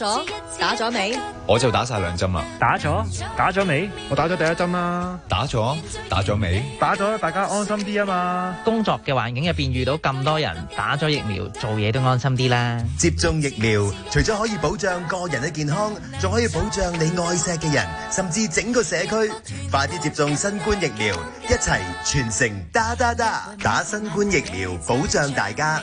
咗打咗未？我就打晒兩針啦。打咗打咗未？我打咗第一針啦。打咗打咗未？打咗，大家安心啲啊嘛！工作嘅環境入邊遇到咁多人打咗疫苗，做嘢都安心啲啦。接種疫苗，除咗可以保障個人嘅健康，仲可以保障你愛錫嘅人，甚至整個社區。快啲接種新冠疫苗，一齊全城打打打，打新冠疫苗保障大家。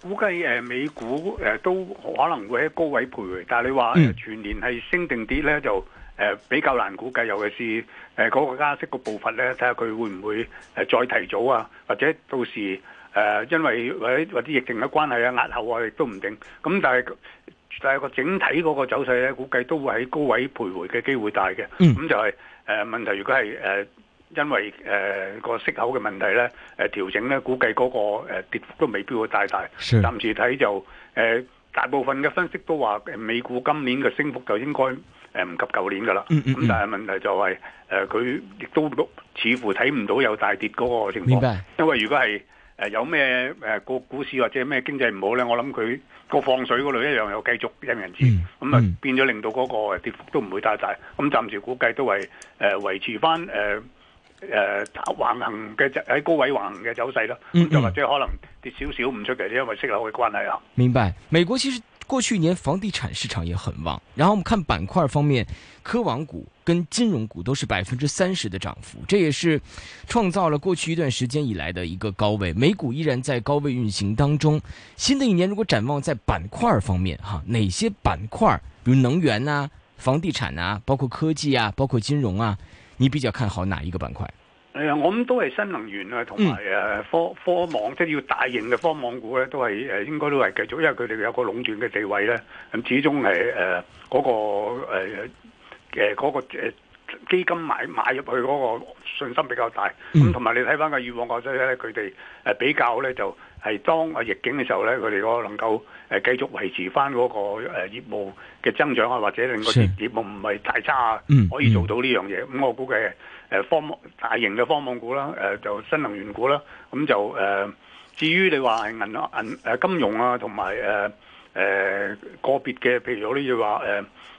估計美股都可能會喺高位徘徊，但係你話全年係升定跌呢，就比較難估計。尤其是誒嗰個加息個步伐呢，睇下佢會唔會再提早啊，或者到時誒因為或者或者疫情嘅關係啊，押後啊，亦都唔定。咁但係但係個整體嗰個走勢呢，估計都會喺高位徘徊嘅機會大嘅。咁、嗯、就係誒問題，如果係誒。因為誒、呃那個息口嘅問題咧，調、呃、整咧，估計嗰、那個、呃、跌幅都未必會太大。暫時睇就、呃、大部分嘅分析都話，美股今年嘅升幅就應該誒唔及舊年㗎啦。咁、嗯嗯、但係問題就係、是、佢、呃、亦都似乎睇唔到有大跌嗰個情況。因為如果係、呃、有咩誒個股市或者咩經濟唔好咧，我諗佢個放水嗰度一樣有繼續一人注。咁、嗯、啊、嗯、變咗令到嗰個跌幅都唔會太大，大。咁、嗯、暫時估計都係維、呃、持翻誒，橫行嘅喺高位橫行嘅走勢咯，又或者可能跌少少唔出奇，因為息口嘅關係啊。明白。美國其實過去一年房地產市場也很旺，然後我們看板塊方面，科網股跟金融股都是百分之三十的漲幅，這也是創造了過去一段時間以來的一個高位。美股依然在高位運行當中。新的一年如果展望在板塊方面，哈，哪些板塊，如能源啊、房地產啊，包括科技啊，包括金融啊。你比較看好哪一個板塊？誒，我諗都係新能源啊，同埋誒科科網，即係要大型嘅科網股咧，都係誒應該都係繼續，因為佢哋有一個壟斷嘅地位咧，咁始終係誒嗰個誒誒、呃嗰個誒基金買買入去嗰個信心比較大，咁同埋你睇翻個欲望，或者咧佢哋誒比較咧就。係當啊逆境嘅時候咧，佢哋個能夠誒繼續維持翻嗰個誒業務嘅增長啊，或者令個業業務唔係太差啊、嗯嗯，可以做到呢樣嘢。咁我估計誒方、呃、大型嘅科網股啦，誒、呃、就新能源股啦。咁、嗯、就誒、呃、至於你話係銀銀誒金融啊，同埋誒誒個別嘅，譬如有啲嘢話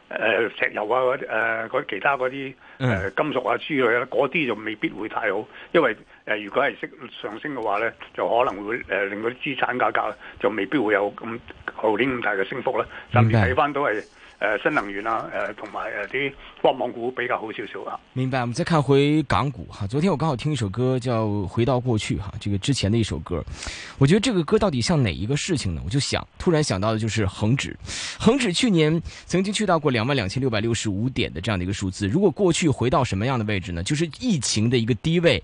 誒誒石油啊，或、呃、者其他嗰啲誒金屬啊之類啊，嗰啲就未必會太好，因為。呃，如果係升上升嘅話呢，就可能會呃令到啲資產價格就未必會有咁後年咁大嘅升幅咧。甚至睇翻都係呃新能源啦、啊，呃同埋呃啲國網股比較好少少啊，明白。我們再看回港股哈，昨天我剛好聽一首歌叫《回到過去》哈，這個之前的一首歌，我覺得這個歌到底像哪一個事情呢？我就想突然想到的，就是恒指。恒指去年曾經去到過兩萬兩千六百六十五點的這樣的一個數字。如果過去回到什麼樣嘅位置呢？就是疫情嘅一個低位。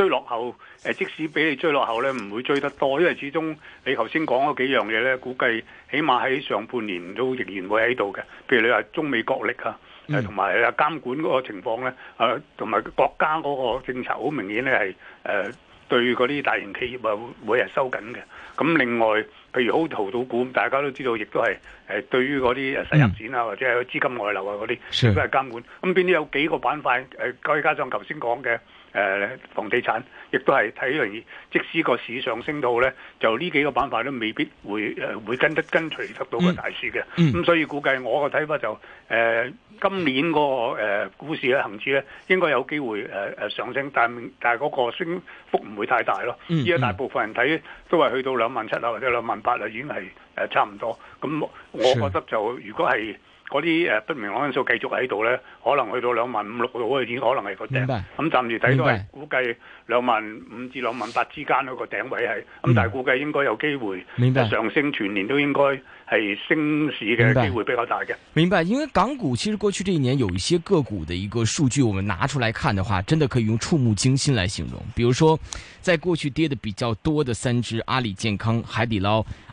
追落後，誒即使畀你追落後咧，唔會追得多，因為始終你頭先講嗰幾樣嘢咧，估計起碼喺上半年都仍然會喺度嘅。譬如你話中美角力啊，誒同埋啊監管嗰個情況咧，誒同埋國家嗰個政策好明顯咧係誒對嗰啲大型企業啊，每日收緊嘅。咁另外，譬如好淘到股，大家都知道也都是，亦都係誒對於嗰啲誒新入展啊、嗯，或者係資金外流啊嗰啲都係監管。咁邊啲有幾個板塊？誒，再加上頭先講嘅。誒、呃、房地產亦都係睇嚟，即使個市上升到咧，就呢幾個板塊都未必會誒、呃、會跟得跟隨得到個大市嘅。咁、嗯嗯嗯、所以估計我個睇法就誒、呃、今年個誒、呃、股市咧、恆指咧，應該有機會誒誒、呃、上升，但但係嗰個升幅唔會太大咯。依、嗯、家、嗯、大部分人睇都係去到兩萬七啊，或者兩萬八啊，已經係誒、呃、差唔多。咁、嗯、我覺得就、係、如果係。嗰啲誒不明朗因素繼續喺度呢，可能去到兩萬五六度位點，可能係個頂。明白。咁暫時睇到係估計兩萬五至兩萬八之間嗰個頂位係。咁但係估計應該有機會明白上升，全年都應該係升市嘅機會比較大嘅。明白。因為港股其實過去這一年有一些個股嘅一個數據，我們拿出來看的話，真的可以用觸目驚心嚟形容。比如說，在過去跌得比較多的三隻阿里健康、海底撈。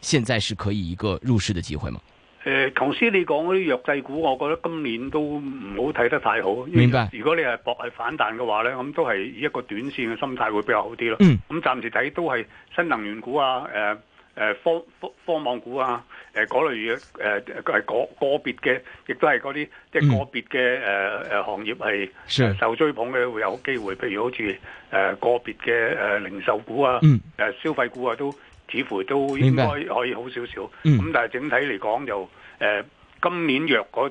現在是可以一個入市的機會嗎？誒、呃，頭先你講嗰啲藥劑股，我覺得今年都唔好睇得太好。明白。如果你係博係反彈嘅話咧，咁都係以一個短線嘅心態會比較好啲咯。嗯。咁暫時睇都係新能源股啊，誒、呃、誒科科科網股啊，誒、呃、嗰類嘢，誒、呃、係個、個別嘅，亦都係嗰啲即係個別嘅誒誒行業係受追捧嘅會有機會，譬如好似誒、呃、個別嘅誒零售股啊，誒、嗯呃、消費股啊都。似乎都應該可以好少少，咁、嗯、但係整體嚟講，就、呃、誒今年若果。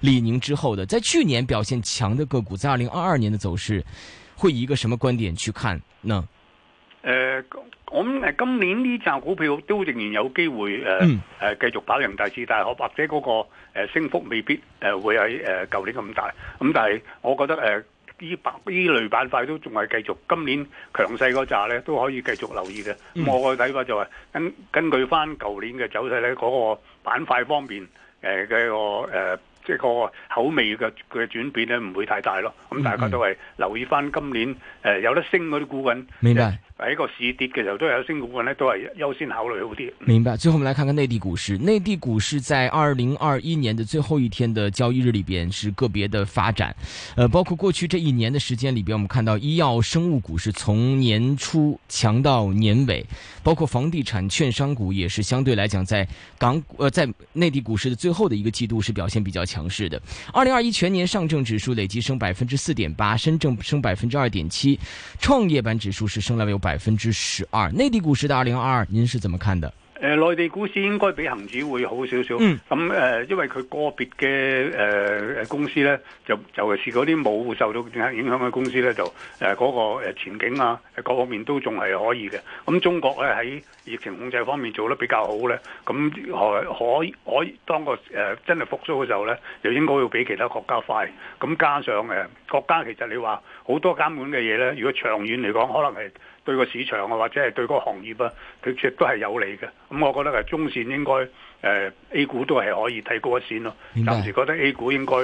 李寧之後的，在去年表現強的個股，在二零二二年的走勢，會以一個什麼觀點去看呢？誒、呃，我、嗯、誒、嗯，今年呢紮股票都仍然有機會誒誒、呃，繼續跑贏大市，大可或者嗰、那個誒、呃、升幅未必誒會喺誒舊年咁大。咁但係我覺得誒，呢、呃、呢類板塊都仲係繼續今年強勢嗰扎咧，都可以繼續留意嘅。咁、嗯、我嘅睇法就係、是、根根據翻舊年嘅走勢咧，嗰、那個板塊方面誒嘅、呃這個誒。呃即係個口味嘅嘅轉變咧，唔會太大咯。咁大家都係留意返今年誒、呃、有得升嗰啲股份。明白。呃喺個市跌嘅時候，都有升股份呢都係優先考慮好啲。明白。最後，我們來看看內地股市。內地股市在二零二一年的最後一天的交易日裏邊，是個別的發展。呃，包括過去這一年的時間裏邊，我們看到醫藥生物股市從年初強到年尾，包括房地產券商股也是相對來講，在港，呃，在內地股市的最後的一個季度是表現比較強勢的。二零二一全年上證指數累計升百分之四點八，深證升百分之二點七，創業板指數是升了有。百分之十二，內地股市的二零二二，您是怎麼看的？誒，內地股市應該比恒指會好少少。嗯，咁、嗯、誒，因為佢個別嘅誒誒公司咧，就尤其是嗰啲冇受到影響嘅公司咧，就誒嗰個誒前景啊，各方面都仲係可以嘅。咁中國咧喺疫情控制方面做得比較好咧，咁可可可當個誒真係復甦嘅時候咧，就應該會比其他國家快。咁加上誒國家其實你話好多監管嘅嘢咧，如果長遠嚟講，可能係。對個市場啊，或者係對個行業啊，佢亦都係有利嘅。咁我覺得係中線應該。誒、呃、A 股都係可以睇高一線咯，暫時覺得 A 股應該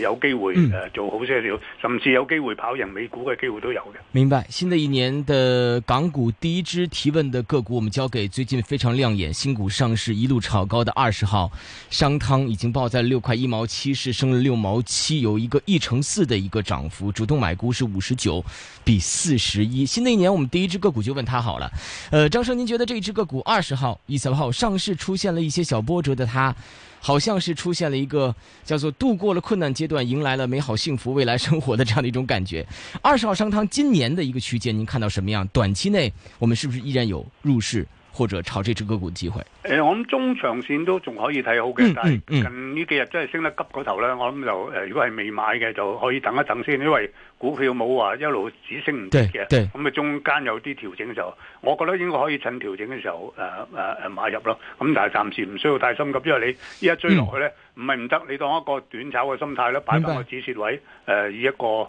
有機會誒、呃、做好些少、嗯，甚至有機會跑贏美股嘅機會都有嘅。明白，新的一年的港股第一支提問的個股，我們交給最近非常亮眼、新股上市一路炒高的二十號商湯，已經報在六塊一毛七，是升了六毛七，有一個一成四嘅一個漲幅，主動買股是五十九比四十一。新的一年，我們第一支個股就問他好了。誒、呃，張生，您覺得這一支個股二十號、二十號,號上市出現了一些小？波折的他，好像是出現了一個叫做度過了困難階段，迎來了美好幸福未來生活的這樣的一種感覺。二十號商湯今年的一個區間，您看到什麼樣？短期內我們是不是依然有入市或者炒這隻個股的機會？誒、呃，我諗中長線都仲可以睇好嘅、嗯嗯嗯，但係近呢幾日真係升得急過頭咧，我諗就誒、呃，如果係未買嘅，就可以等一等先，因為。股票冇話一路只升唔跌嘅，咁啊中間有啲調整嘅時候，我覺得應該可以趁調整嘅時候，誒誒誒買入咯。咁但係暫時唔需要太心急，因為你依家追落去咧，唔係唔得，你當一個短炒嘅心態咯，擺返個止蝕位，誒、呃、以一個。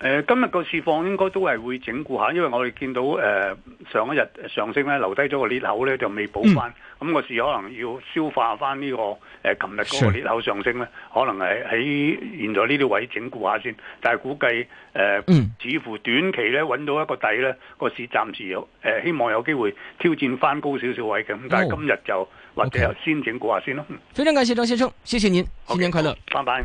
誒、呃，今日個市況應該都係會整固一下，因為我哋見到誒、呃、上一日上升咧，留低咗個裂口咧，就未補翻，咁、嗯、個市可能要消化翻呢、這個誒，琴日嗰個裂口上升咧，可能係喺現在呢啲位置整固一下先，但係估計誒，似、呃嗯、乎短期咧揾到一個底咧，個市暫時有誒、呃，希望有機會挑戰翻高少少位嘅，咁、哦、但係今日就或者先整固一下先咯。非常感謝張先生，謝謝您，新年快樂，拜拜。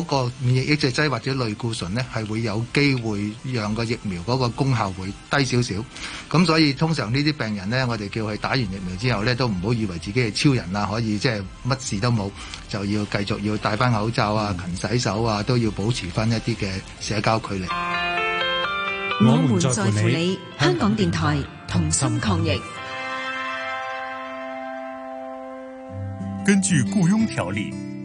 嗰、那個免疫抑，抑制劑或者類固醇咧，係會有機會讓個疫苗嗰個功效會低少少。咁所以通常呢啲病人咧，我哋叫佢打完疫苗之後咧，都唔好以為自己係超人啊，可以即係乜事都冇，就要繼續要戴翻口罩啊，勤洗手啊，都要保持翻一啲嘅社交距離。我們在乎你，香港電台同心抗疫。根據僱傭條例。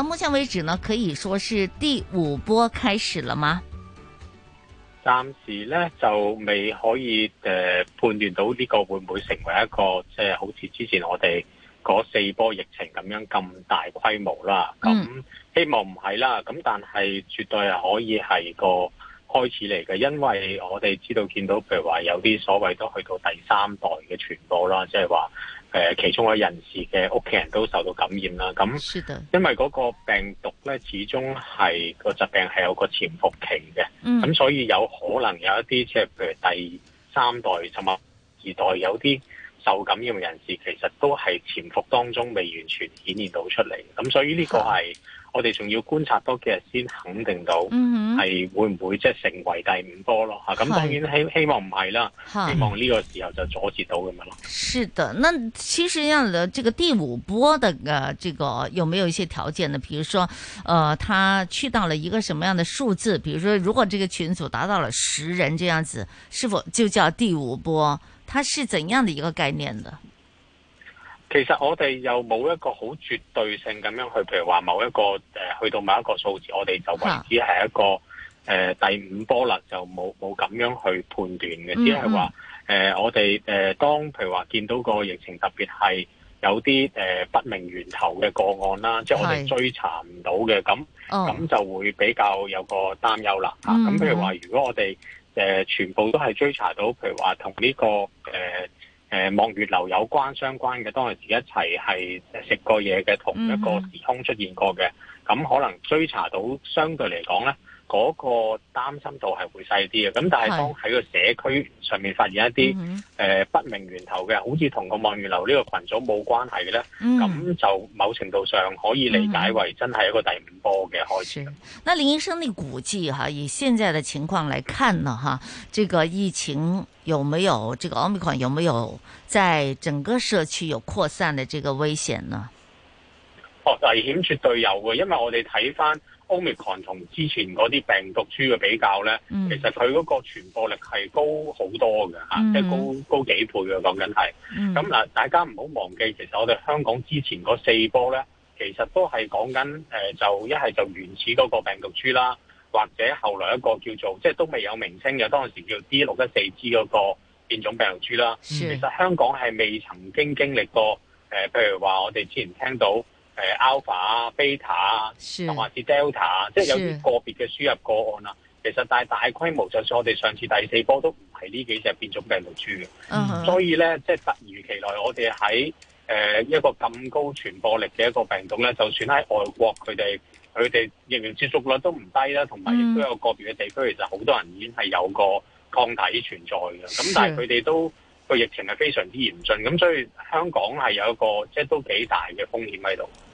到目前為止呢，可以說是第五波開始了嗎？暫時呢就未可以誒、呃、判斷到呢個會唔會成為一個即係、就是、好似之前我哋嗰四波疫情咁樣咁大規模啦。咁、嗯、希望唔係啦，咁但係絕對可以係個開始嚟嘅，因為我哋知道見到譬如話有啲所謂都去到第三代嘅傳播啦，即係話。誒，其中一位人士嘅屋企人都受到感染啦。咁，因為嗰個病毒咧，始終係個疾病係有個潛伏期嘅。咁、嗯、所以有可能有一啲即係，譬如第三代、甚至、二代有啲受感染的人士，其實都係潛伏當中未完全顯現到出嚟。咁所以呢個係。啊我哋仲要觀察多幾日先肯定到，係會唔會即係成為第五波咯？嚇、嗯，咁當然希希望唔係啦，希望呢個時候就阻止到咁樣咯。是的，那其實樣的這個第五波的個這個有沒有一些條件呢？譬如說，呃，他去到了一個什麼樣的數字？譬如說，如果這個群組達到了十人，這樣子是否就叫第五波？它是怎樣的一個概念呢？其實我哋又冇一個好絕對性咁樣去，譬如話某一個誒，去到某一個數字，我哋就為止係一個誒、呃、第五波啦，就冇冇咁樣去判斷嘅、嗯嗯，只係話誒，我哋誒，當譬如話見到個疫情特別係有啲誒、呃、不明源頭嘅個案啦，即係我哋追查唔到嘅，咁咁、哦、就會比較有個擔憂啦。吓、嗯嗯嗯，咁、啊、譬如話，如果我哋誒、呃、全部都係追查到，譬如話同呢個誒。呃誒望月樓有關相關嘅當陣時一齊係食過嘢嘅，同一個時空出現過嘅，咁、mm-hmm. 可能追查到，相對嚟講呢。嗰、那個擔心度係會細啲嘅，咁但係當喺個社區上面發現一啲、呃、不明源頭嘅，好似同個望月樓呢個群組冇關係嘅咧，咁、嗯、就某程度上可以理解為真係一個第五波嘅開始。那林醫生，你估計哈，以現在的情況嚟看呢，哈，這個疫情有沒有這個奧密克戎有沒有在整個社區有擴散的這個危險呢？哦，危險絕對有嘅，因為我哋睇翻。Omicron 同之前嗰啲病毒株嘅比較咧、嗯，其實佢嗰個傳播力係高好多嘅、嗯、即係高高幾倍嘅講緊係。咁嗱，嗯、大家唔好忘記，其實我哋香港之前嗰四波咧，其實都係講緊誒、就一係就原始嗰個病毒株啦，或者後來一個叫做即係都未有名稱嘅，當時叫 D 六一四 G 嗰個變種病毒株啦。其實香港係未曾經經歷過呃、譬如話我哋之前聽到。誒 alpha beta 啊，同埋是 delta 啊，即係有啲個別嘅輸入個案啊。其實但係大規模，就算我哋上次第四波都唔係呢幾隻變種病毒株嘅。所以咧，即係突如其來，我哋喺、呃、一個咁高傳播力嘅一個病毒咧，就算喺外國，佢哋佢哋疫苗接觸率都唔低啦，同埋亦都有個別嘅地區其實好多人已經係有個抗體存在嘅。咁但係佢哋都個疫情係非常之嚴峻，咁所以香港係有一個即係都幾大嘅風險喺度。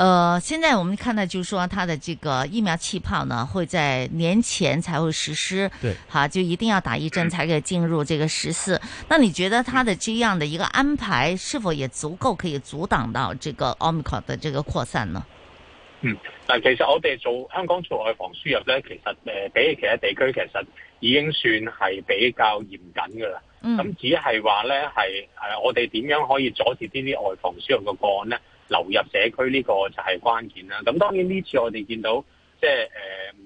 呃，現在我們看到就是說，它的這個疫苗氣泡呢，會在年前才會實施。對、哈、啊、就一定要打一針，才可以進入這個食肆。那你覺得它的這樣的一個安排，是否也足夠可以阻擋到這個奧密克戎的這個擴散呢？嗯，但其實我哋做香港做外防輸入咧，其實誒、呃，比起其他地區，其實已經算係比較嚴謹噶啦。嗯，咁只係話咧，係誒、呃，我哋點樣可以阻止呢啲外防輸入嘅個案呢？流入社區呢個就係關鍵啦。咁當然呢次我哋見到，即係誒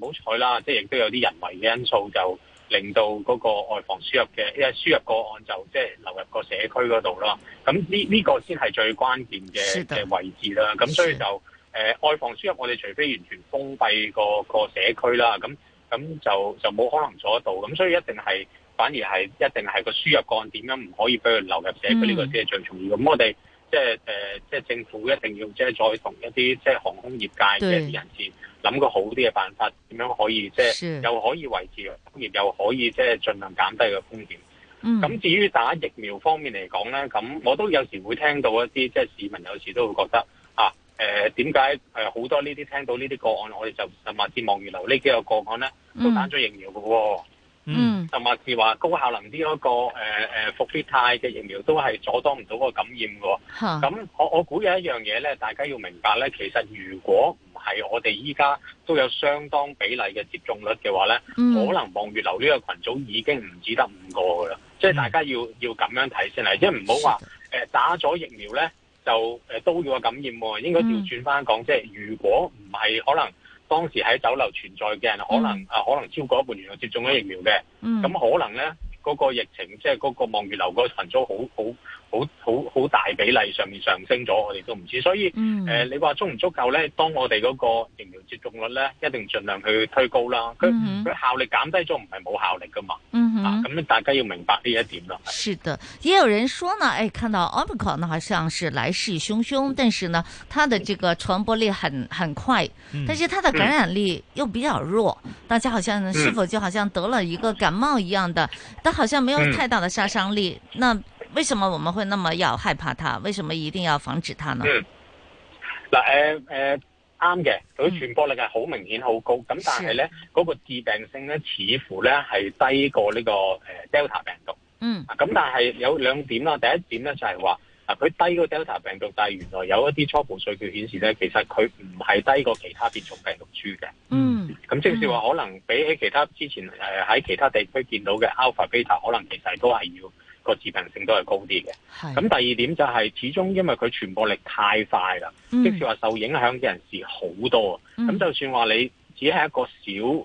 唔好彩啦，即係亦都有啲人為嘅因素，就令到嗰個外防輸入嘅，因為輸入個案就即係、就是、流入個社區嗰度啦。咁呢呢個先係最關鍵嘅嘅位置啦。咁所以就誒、呃、外防輸入，我哋除非完全封閉個，個社區啦，咁咁就就冇可能做得到。咁所以一定係反而係一定係個輸入個案點樣唔可以俾佢流入社區呢、嗯呢個先係最重要。咁我哋。即係誒、呃，即係政府一定要即係再同一啲即係航空業界嘅人士諗個好啲嘅辦法，點樣可以即係又可以維持工業，又可以即係盡量減低個風險。咁、嗯、至於打疫苗方面嚟講咧，咁我都有時會聽到一啲即係市民有時都會覺得啊，誒、呃，點解誒好多呢啲聽到呢啲個案，我哋就神馬望月樓呢幾個個案咧都打咗疫苗嘅喎、哦？嗯嗯，同埋是話高效能啲嗰，那個誒誒復必泰嘅疫苗都係阻擋唔到個感染喎。咁我我估有一樣嘢咧，大家要明白咧，其實如果唔係我哋依家都有相當比例嘅接種率嘅話咧、嗯，可能望月樓呢個群組已經唔止得五個噶啦，即、嗯、係、就是、大家要要咁樣睇先啦，即係唔好話誒打咗疫苗咧就誒、呃、都要個感染，應該調轉翻講、嗯，即係如果唔係可能。當時喺酒樓存在嘅人，可能、嗯、啊可能超過一半原來接種咗疫苗嘅。咁、嗯、可能咧嗰、個疫情即係嗰個望月樓個群組好好。好好，好大比例上面上升咗，我哋都唔知，所以，誒、呃，你話足唔足夠呢？當我哋嗰個疫苗接種率呢，一定盡量去推高啦。佢、嗯、佢效力減低咗，唔係冇效力噶嘛。咁、嗯啊、大家要明白呢一點啦。是的，也有人說呢，誒、哎，看到 Omicron 呢，好像是來勢洶洶，嗯，但是呢，它的這個傳播力很很快，但是它的感染力又比較弱。嗯、大家好像是否就好像得了一個感冒一樣的，嗯、但好像沒有太大的殺傷力。那、嗯嗯為什麼我們會那麼要害怕它？為什麼一定要防止它呢？嗱、嗯，誒、呃、誒，啱、呃、嘅，佢傳播力係好明顯好高，咁、嗯、但係咧嗰個致病性咧似乎咧係低過呢個誒 Delta 病毒，嗯，咁、啊、但係有兩點啦，第一點咧就係話，啊，佢低過 Delta 病毒，但係原來有一啲初步數據顯示咧，其實佢唔係低過其他變種病毒株嘅，嗯，咁即是話可能比起其他、嗯、之前誒喺其他地區見到嘅 Alpha Beta，可能其實都係要。個致病性都係高啲嘅，咁第二點就係始終因為佢傳播力太快啦、嗯，即使話受影響嘅人士好多咁、嗯、就算話你只係一個小誒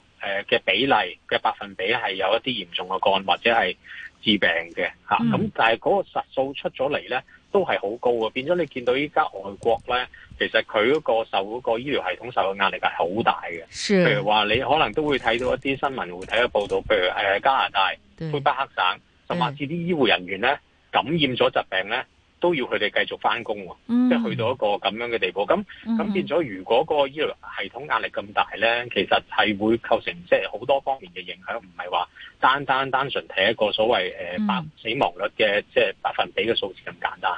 嘅比例嘅百分比，係有一啲嚴重嘅個案或者係致病嘅咁、嗯啊、但係嗰個實數出咗嚟呢，都係好高啊，變咗你見到依家外國呢，其實佢嗰個受嗰、嗰個醫療系統受嘅壓力係好大嘅，譬如話你可能都會睇到一啲新聞媒體嘅報道，譬如加拿大魁北克省。甚至啲醫護人員咧感染咗疾病咧，都要佢哋繼續返工喎，mm-hmm. 即係去到一個咁樣嘅地步。咁咁變咗，如果個醫療系統壓力咁大咧，其實係會構成即係好多方面嘅影響，唔係話單單單純睇一個所謂誒白、呃、死亡率嘅即係百分比嘅數字咁簡單。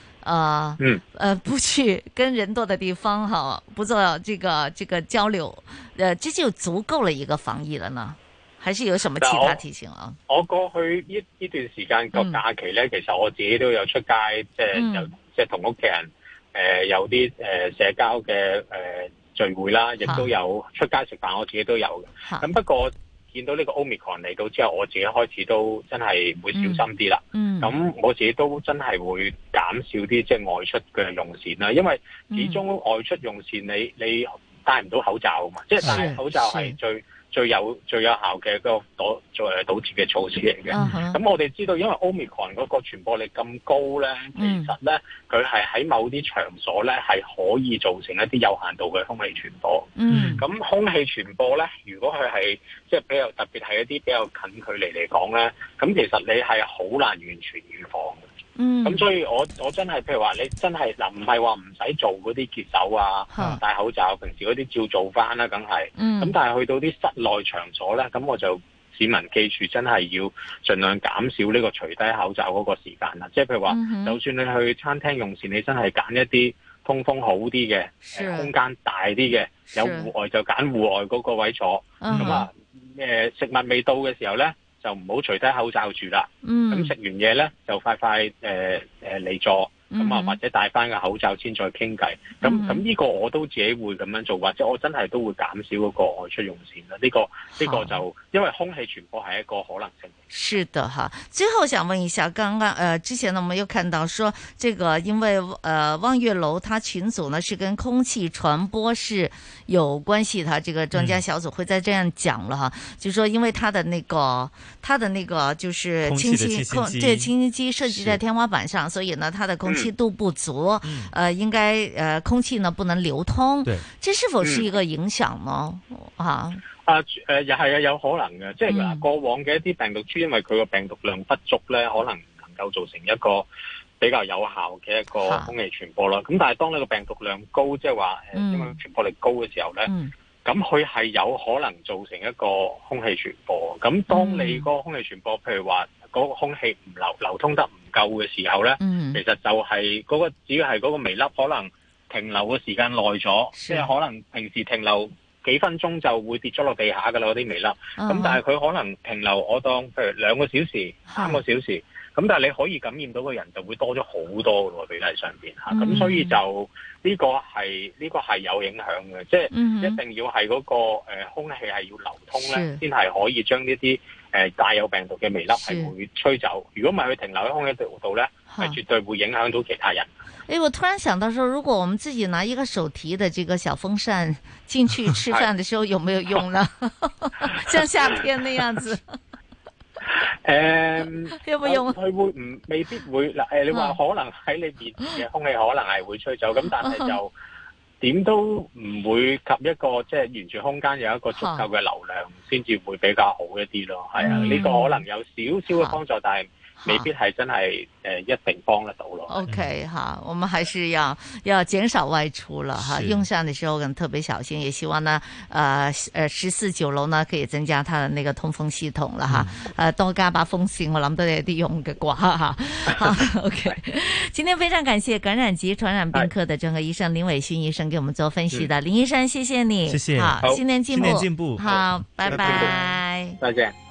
啊、呃，嗯，呃，不去跟人多的地方，哈，不做這個這個交流，呃，這就足夠了一個防疫了呢？還是有什麼其他提醒啊？我，我過去一段時間個假期呢、嗯，其實我自己都有出街，即係即係同屋企人，誒、呃，有啲誒社交嘅誒、呃、聚會啦，亦都有出街食飯，我自己都有嘅。咁不過。見到呢個 omicron 嚟到之後，我自己開始都真係會小心啲啦。咁、嗯嗯、我自己都真係會減少啲即係外出嘅用膳啦，因為始終外出用膳你你戴唔到口罩啊嘛，即係戴口罩係最。最有最有效嘅個堵作為堵截嘅措施嚟嘅。咁、uh-huh. 我哋知道，因為 Omicron 嗰個傳播力咁高咧，uh-huh. 其實咧佢係喺某啲場所咧係可以造成一啲有限度嘅空氣傳播。咁、uh-huh. 空氣傳播咧，如果佢係即係比較特別係一啲比較近距離嚟講咧，咁其實你係好難完全預防。嗯，咁所以我我真係，譬如話你真係嗱，唔係話唔使做嗰啲潔手啊，戴口罩，平時嗰啲照做翻啦、啊，梗係。咁、嗯、但係去到啲室內場所咧，咁我就市民記住，真係要盡量減少呢個除低口罩嗰個時間啦。即係譬如話、嗯，就算你去餐廳用膳，你真係揀一啲通風好啲嘅、呃，空間大啲嘅，有戶外就揀戶外嗰個位坐。咁、嗯、啊，誒、呃，食物未到嘅時候咧。就唔好除低口罩住啦。嗯，咁食完嘢咧，就快快誒誒離座。呃呃咁啊，或者戴翻個口罩先再傾偈。咁咁呢個我都自己會咁樣做，嗯，或者我真係都會減少嗰個外出用膳啦。呢、這個呢、這個就因為空氣傳播係一個可能性。是的哈，最後想問一下，剛剛誒之前呢，我們又看到說這個因為誒望、呃、月樓它群組呢是跟空氣傳播是有關係，它這個專家小組會再這樣講啦，哈、嗯，就是、說因為它的那個它的那個就是清新空，空，這清新機設置在天花板上，所以呢它的空氣、嗯。氣度不足、嗯，呃，應該，呃，空氣呢不能流通，對，這是否是一個影響呢、嗯？啊，啊，誒、呃，係啊，有可能嘅，即、就、係、是、過往嘅一啲病毒株，因為佢個病毒量不足咧，可能唔能夠造成一個比較有效嘅一個空氣傳播啦。咁但係當呢個病毒量高，即係話誒，因為傳播力高嘅時候咧。嗯嗯咁佢係有可能造成一個空氣傳播。咁當你個空氣傳播、嗯，譬如話嗰、嗰個空氣唔流流通得唔夠嘅時候呢，嗯、其實就係、是、嗰、嗰個主要係嗰個微粒可能停留嘅時間耐咗，即係、就是、可能平時停留幾分鐘就會跌咗落地下㗎啦。嗰啲微粒，咁但係佢可能停留我當譬如兩個小時、三個小時，咁但係你可以感染到個人就會多咗好多㗎比例上面。嚇，咁所以就。嗯呢、這個係呢、這個係有影響嘅，即係一定要係嗰、那個、嗯呃、空氣係要流通咧，先係可以將呢啲誒帶有病毒嘅微粒係會吹走。如果唔係佢停留喺空氣度度咧，係絕對會影響到其他人。誒、哎、我突然想到，說，如果我們自己拿一個手提的這個小風扇，進去吃飯的時候， 有沒有用呢？ 像夏天那樣子。誒、um,，佢會唔未必會嗱，誒、呃，你話可能喺你面前嘅空氣可能係會吹走，咁 但係就點都唔會及一個即係完全空間有一個足夠嘅流量，先 至會比較好一啲咯。係啊，呢、這個可能有少少嘅幫助， 但係。未必係真係誒、呃，一定幫得到咯。OK，哈、嗯，我們還是要要減少外出了哈。用膳的時候可能特別小心。也希望呢，呃呃十四九樓呢可以增加它的那個通風系統啦，哈、嗯。誒、啊，多加把風扇，我諗都有啲用嘅啩，哈哈 o okay k 今天非常感謝感染及傳染病科的專科醫生林緯遜醫生給我們做分析的。林醫生，謝謝你。謝謝。好，新年進步。新年進步,步,步。好，拜拜。再見。再見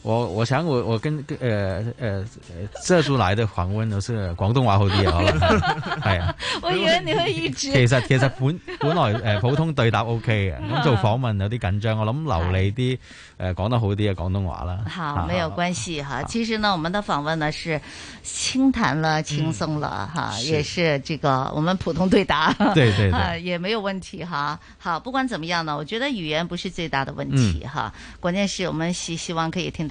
我我想我我跟呃呃這組來的訪問都是廣東話好啲啊，好啦，係啊， 我以為你會一直 其實其實本本來誒普通對答 OK 嘅，咁 做訪問有啲緊張，我諗留你啲誒、呃、講得好啲嘅廣東話啦。好，啊、沒有關係哈、啊。其實呢，我們的訪問呢是輕談了，輕鬆了哈、嗯啊，也是這個我們普通對答，對對、對啊，也沒有問題哈、啊。好，不管怎麼樣呢，我覺得語言不是最大的問題哈、嗯啊，關鍵是我們希希望可以聽到。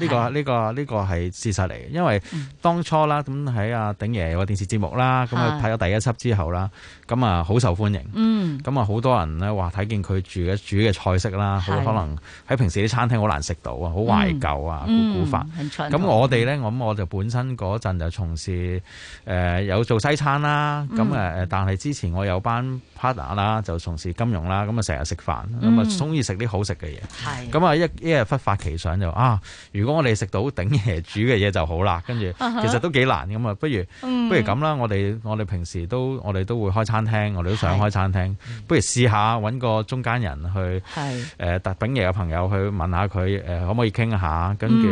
呢、這個呢、這個呢、這個係事實嚟，因為當初啦，咁喺阿鼎爺個電視節目啦，咁啊拍咗第一輯之後啦。咁啊，好受歡迎。嗯。咁啊，好多人咧，話睇見佢煮嘅煮嘅菜式啦，佢可能喺平時啲餐廳好難食到啊，好懷舊啊，嗯、古，古法。咁、嗯、我哋咧、嗯，我咁我就本身嗰陣就從事誒、呃、有做西餐啦。咁、嗯、誒但係之前我有班 partner 啦，就從事金融啦。咁啊，成日食飯，咁啊，中意食啲好食嘅嘢。咁啊，一一日忽發奇想就啊，如果我哋食到鼎爺煮嘅嘢就好啦。 跟住其實都幾難咁啊、嗯，不如不如咁啦。我哋我哋平時都我哋都會開餐。餐廳我哋都想開餐廳，不如試下搵個中間人去，誒，達鼎爺嘅朋友去問下佢，誒、呃，可唔可以傾下？跟住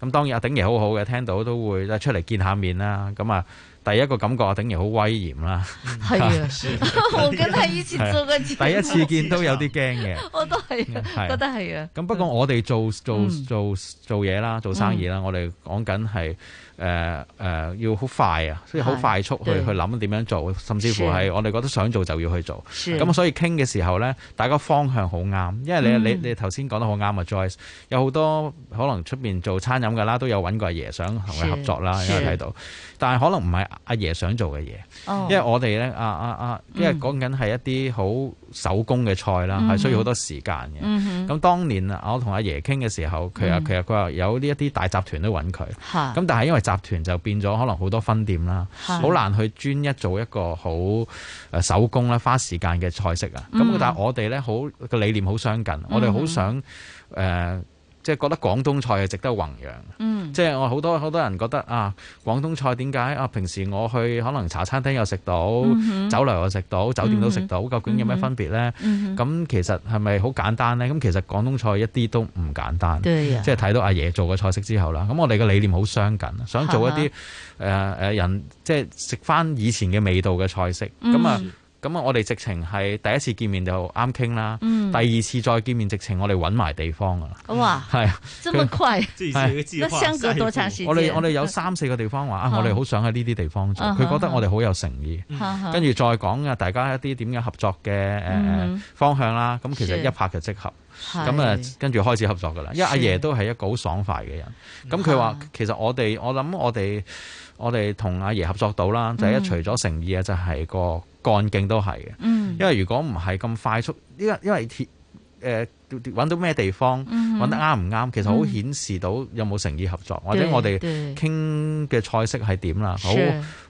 咁當然阿鼎爺好好嘅，聽到都會出嚟見下面啦。咁啊，第一個感覺阿鼎爺好威嚴啦。係、嗯、 啊，我覺得以前做嘅，第一次見都有啲驚嘅。我都係啊，覺得係啊。咁、啊、不過我哋做做、嗯、做做嘢啦，做生意啦、嗯，我哋講緊係。誒、呃、誒、呃，要好快啊！所以好快速去去諗點樣做，甚至乎係我哋覺得想做就要去做。咁所以傾嘅時候咧，大家方向好啱，因為你、嗯、你你頭先講得好啱啊，Joyce 有好多可能出邊做餐飲㗎啦，都有揾過阿爺，爺想同佢合作啦，睇到，是但係可能唔係阿爺想做嘅嘢、哦，因為我哋咧，阿阿阿，因為講緊係一啲好手工嘅菜啦，係、嗯、需要好多時間嘅。咁、嗯嗯、當年啊，我同阿爺傾嘅時候，其實其實佢話有呢一啲大集團都揾佢，咁但係因為集團就變咗，可能好多分店啦，好難去專一做一個好誒手工啦，花時間嘅菜式啊。咁、嗯、但係我哋呢好個理念好相近，嗯、我哋好想誒。呃即係覺得廣東菜係值得弘揚。嗯，即係我好多好多人覺得啊，廣東菜點解啊？平時我去可能茶餐廳又食到、嗯，酒樓又食到，酒店都食到、嗯，究竟有咩分別呢？咁、嗯、其實係咪好簡單呢？咁其實廣東菜一啲都唔簡單。對呀。即係睇到阿爺做嘅菜式之後啦。咁我哋嘅理念好相近，想做一啲誒、啊呃、人，即係食翻以前嘅味道嘅菜式。咁啊。嗯咁我哋直情係第一次見面就啱傾啦。第二次再見面直情我哋揾埋地方噶啦。哇！係，真係虧，一相隔多長時間。我哋我哋有三四個地方話啊，我哋好想喺呢啲地方做。佢、啊、覺得我哋好有誠意，嗯嗯、跟住再講啊，大家一啲點樣合作嘅，誒方向啦。咁、嗯嗯、其實一拍就即合，咁啊，就跟住開始合作噶啦。因為阿爺都係一個好爽快嘅人，咁佢話其實我哋我諗我哋我哋同阿爺合作到啦、嗯。就第、是、一除咗誠意啊，就係、是那個。幹勁都係嘅，因為如果唔係咁快速，因為因為鐵誒、呃、搵到咩地方，搵、嗯、得啱唔啱，其實好顯示到有冇誠意合作，嗯、或者我哋傾嘅菜式係點啦，好。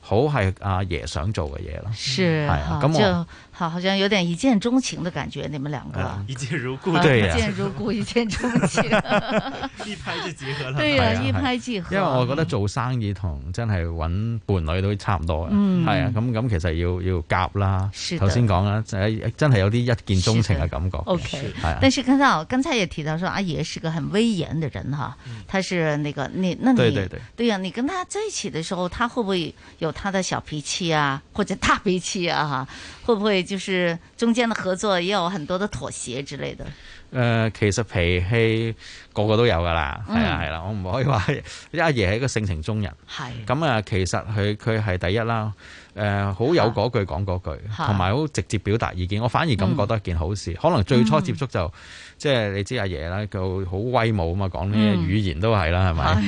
好係阿爺想做嘅嘢啦，係啊，咁、嗯嗯、就好、嗯、好像有點一見鍾情的感覺，你們兩個、啊、一見如故，對啊，啊，一見如故，一見鍾情， 一拍即合啦、啊，對啊，一拍即合。因為我覺得做生意同真係搵伴侶都差唔多嘅，嗯，係啊，咁咁其實要要夾啦，頭先講啦，就係真係有啲一見鍾情嘅感覺的的，OK，係啊。但是剛才剛才也提到說，阿爺是個很威嚴嘅人哈、嗯，他是那個你那你，那你對對對，對啊，你跟他在一起的時候，他會不會有？他的小脾氣啊，或者大脾氣啊，會不會就是中間的合作也有很多的妥協之類的？誒、呃，其實脾氣個個都有噶啦，係啦係啦，我唔可以話呢阿爺係一個性情中人。係咁啊，其實佢佢係第一啦。誒、呃，好有嗰句講嗰句，同埋好直接表達意見、啊。我反而感覺到一件好事，嗯、可能最初接觸就。嗯即係你知阿爺啦，佢好威武啊嘛，講、嗯、啲語言都係啦，係咪？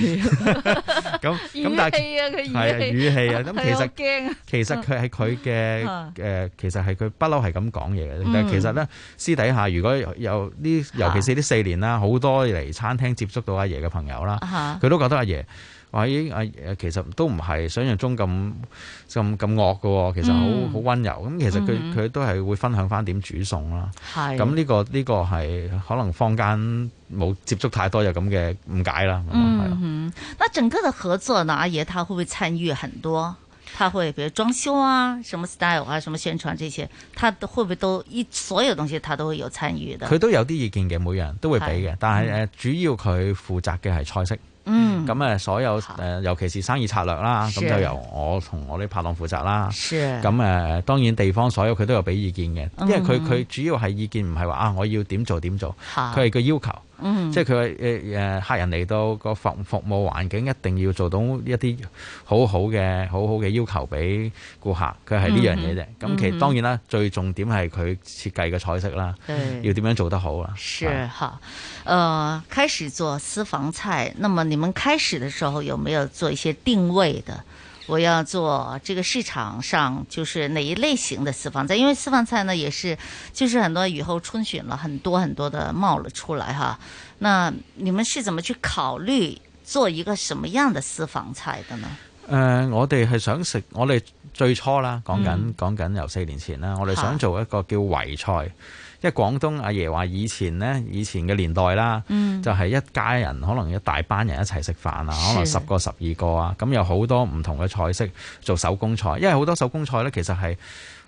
咁咁、啊，但係係語氣啊，咁其實其實佢係佢嘅誒，其實係佢不嬲係咁講嘢嘅，但係其實咧私底下，如果有，呢，尤其是呢四年啦，好、啊、多嚟餐廳接觸到阿爺嘅朋友啦，佢、啊、都覺得阿爺。阿其實都唔係想象中咁咁咁惡嘅，其實好好溫柔。咁其實佢佢都係會分享翻點煮餸啦。係咁呢個呢個係可能坊間冇接觸太多有咁嘅誤解啦。嗯，整個的合作，嗱，阿爺他會不會參與很多？他會，比如裝修啊，什麼 style 啊，什麼宣傳這些，他會不會都一所有東西，他都會有參與？佢都有啲意見嘅，每樣都會俾嘅。但係誒，主要佢負責嘅係菜式。嗯，咁誒，所有誒尤其是生意策略啦，咁就由我同我啲拍檔負責啦。咁誒當然地方所有佢都有俾意見嘅，嗯，因為佢佢主要係意見唔係話啊，不是說我要點做點做，佢係個要求。嗯，即係佢誒誒，客人嚟到個服服務環境一定要做到一啲好的好嘅好好嘅要求俾顧客，佢係呢樣嘢啫。咁、嗯、其實當然啦、嗯，最重點係佢設計嘅菜式啦，要點樣做得好啦。是哈，誒、呃，開始做私房菜，那麼你們開始的時候有沒有做一些定位的？我要做這個市場上就是哪一類型的私房菜？因為私房菜呢也是，就是很多雨後春筍了，很多很多的冒了出來哈。那你們是怎麼去考慮做一個什麼樣的私房菜的呢？誒、呃，我哋係想食，我哋最初啦，講緊講緊由四年前啦、嗯，我哋想做一個叫圍菜。啊因為廣東阿爺話以前呢，以前嘅年代啦、嗯，就係、是、一家人可能一大班人一齊食飯啊，可能十個十二個啊，咁有好多唔同嘅菜式做手工菜，因為好多手工菜呢，其實係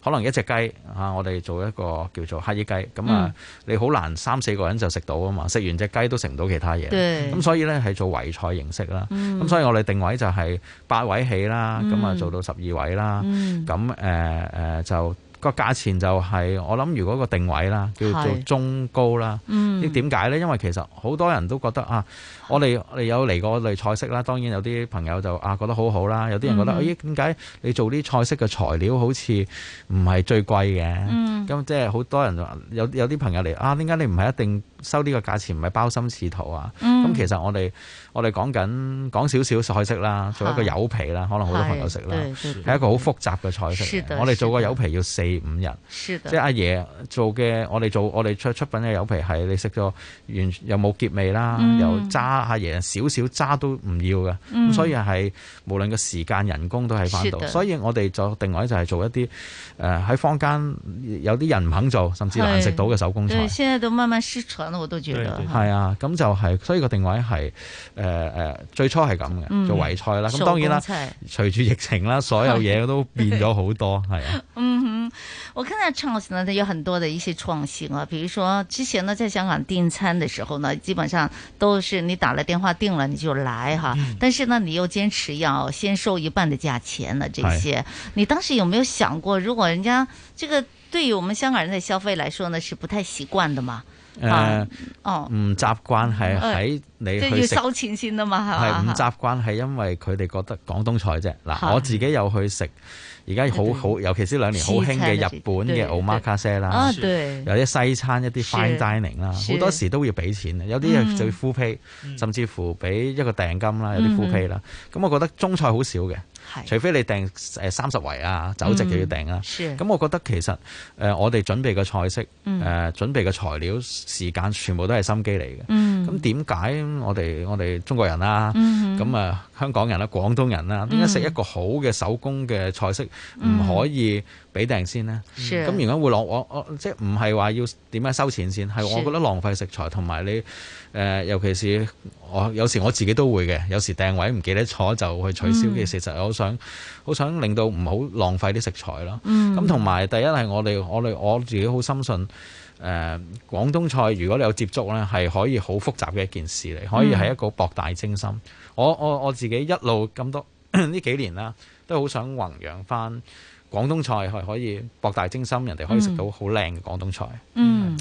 可能一隻雞啊，我哋做一個叫做乞兒雞，咁、嗯、啊你好難三四個人就食到啊嘛，食完隻雞都食唔到其他嘢，咁所以呢，係做圍菜形式啦，咁、嗯、所以我哋定位就係八位起啦，咁、嗯、啊做到十二位啦，咁、嗯、誒、呃呃、就。個價錢就係、是、我諗，如果個定位啦，叫做中高啦，嗯，點解呢？因為其實好多人都覺得啊。我哋嚟有嚟過類菜式啦，當然有啲朋友就啊覺得好好啦，有啲人覺得咦，點、嗯、解你做啲菜式嘅材料好似唔係最貴嘅？咁、嗯、即係好多人有有啲朋友嚟啊，點解你唔係一定收呢個價錢唔係鮑參翅肚啊？咁、嗯、其實我哋我哋講緊講少少菜式啦，做一個柚皮啦、啊，可能好多朋友食啦，係一個好複雜嘅菜式的的我哋做個柚皮要四五日，即係阿爺做嘅，我哋做我哋出出品嘅柚皮係你食咗完又冇結味啦，又揸。嗯又渣下嘢少少渣都唔要嘅，咁、嗯、所以係無論個時間人工都喺翻度。所以我哋就定位就係做一啲誒喺坊間有啲人唔肯做甚至難食到嘅手工菜。對，現在都慢慢失傳啦，我都覺得。係啊，咁就係、是，所以個定位係誒誒，最初係咁嘅，做圍菜、嗯、啦。咁、嗯、當然啦，隨住疫情啦，所有嘢都變咗好多，係 啊。嗯哼。我看 Charles 呢，他有很多的一些創新啊，比如說之前呢，在香港訂餐的時候呢，基本上都是你打了電話訂了你就來哈、嗯，但是呢，你又堅持要先收一半的價錢呢，這些你當時有沒有想過，如果人家這個對於我們香港人的消費來說呢，是不太習慣的嘛？嗯、呃，哦、啊，唔、呃、習慣係喺你去、呃、要收錢先的嘛？係唔習慣係因為佢哋覺得廣東菜啫，嗱，我自己有去食。而家好好，尤其是兩年好興嘅日本嘅 omakase 啦，有啲西餐一啲 fine dining 啦，好多時都要俾錢，有啲就要 full pay、嗯、甚至乎俾一個訂金啦，有啲 full pay 啦、嗯。咁我覺得中菜好少嘅，除非你訂誒三十圍啊，酒席就要訂啊。咁、嗯、我覺得其實誒我哋準備嘅菜式，誒、嗯、準備嘅材料、時間，全部都係心機嚟嘅。咁點解我哋我哋中國人啦，咁啊？嗯香港人啦，廣東人啦，點解食一個好嘅手工嘅菜式唔、嗯、可以俾訂先咧？咁如果會浪我我即係唔係話要點樣收錢先？係我覺得浪費食材同埋你誒、呃，尤其是我有時我自己都會嘅，有時訂位唔記得坐就去取消嘅。其實我想好想令到唔好浪費啲食材咯。咁同埋第一係我哋我哋我自己好深信。誒、呃、廣東菜如果你有接觸呢係可以好複雜嘅一件事嚟，可以係一個博大精深，嗯。我我我自己一路咁多呢 幾年啦，都好想弘揚翻廣東菜係可以博大精深，人哋可以食到好靚嘅廣東菜。嗯。嗯。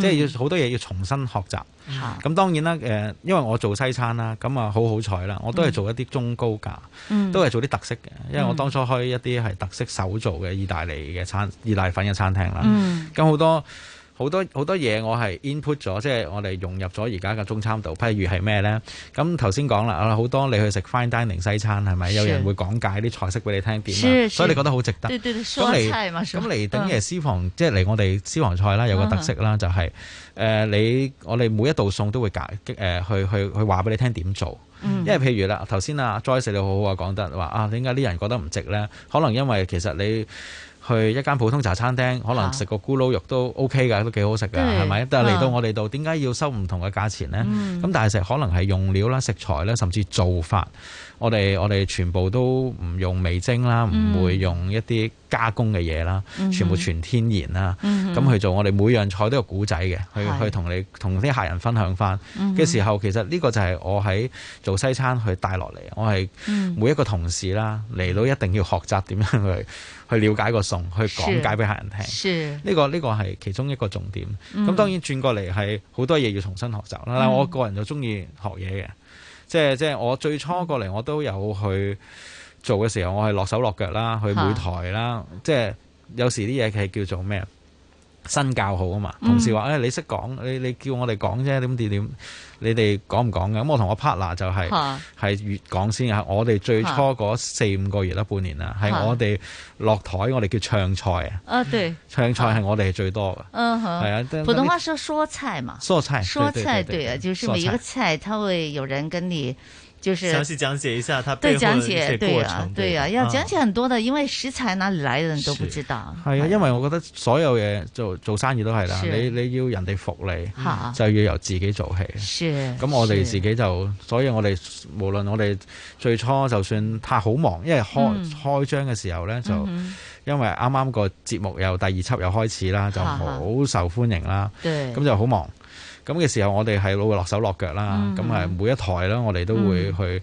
即係要好多嘢要重新學習。咁、嗯、當然啦，誒、呃，因為我做西餐啦，咁啊好好彩啦，我都係做一啲中高價，嗯、都係做啲特色嘅。因為我當初開一啲係特色手做嘅意大利嘅餐、意大利粉嘅餐廳啦，咁好多。好多好多嘢我係 input 咗，即係我哋融入咗而家嘅中餐度，譬如係咩咧？咁頭先講啦，好多你去食 fine dining 西餐，係咪有人會講解啲菜式俾你聽點？所以你覺得好值得？咁嚟咁嚟，等於私房，即係嚟我哋私房菜啦，有個特色啦、就係，就係你我哋每一道餸都會解去、呃、去去話俾你聽點做、嗯，因為譬如啦，頭先啊 Joy Sir 到你好好啊講得話啊，點解啲人覺得唔值咧？可能因為其實你。去一間普通茶餐廳，可能食個咕嚕肉都 OK 㗎，都幾好食㗎，係咪？但係嚟到我哋度，點解要收唔同嘅價錢呢？咁、嗯、但係食可能係用料啦、食材啦，甚至做法，我哋我哋全部都唔用味精啦，唔會用一啲加工嘅嘢啦，全部全天然啦，咁、嗯嗯、去做。我哋每樣菜都有古仔嘅，去去同你同啲客人分享翻嘅、嗯、時候，其實呢個就係我喺做西餐去帶落嚟。我係每一個同事啦嚟到一定要學習點樣去。去了解個餸，去講解俾客人聽。呢、呢個呢、呢個係其中一個重點。咁、嗯、當然轉過嚟係好多嘢要重新學習啦。但、嗯、我個人就中意學嘢嘅，即係即係我最初過嚟我都有去做嘅時候，我係落手落腳舞、啊、啦，去舞台啦。即係有時啲嘢係叫做咩新教好啊嘛，同事話誒你識講，你你，你叫我哋講啫，點點點，你哋講唔講嘅？咁我同我 partner 就係係越講先，我哋最初嗰四五個月啦，半年啦，係我哋落台，我哋叫唱菜啊對，唱菜係我哋係最多嘅，係啊，啊，普通話說說菜嘛，說菜，對對對說菜對啊，就是每一個菜，他會有人跟你。就是、詳細講解一下，他背後一些過程對、啊對啊啊。對啊，要講解很多的，因為食材哪裏來的人都不知道。係啊，因為我覺得所有嘢做做生意都係啦。是你你要人哋服你，就要由自己做起。咁、嗯、我哋自己就，所以我哋無論我哋最初就算太好忙，因為開、嗯、開張嘅時候呢，就、嗯、因為啱啱個節目又第二輯又開始啦，就好受歡迎啦。咁就好忙。咁嘅時候，我哋係老會落手落腳啦。咁、嗯、係每一台啦，我哋都會去。嗯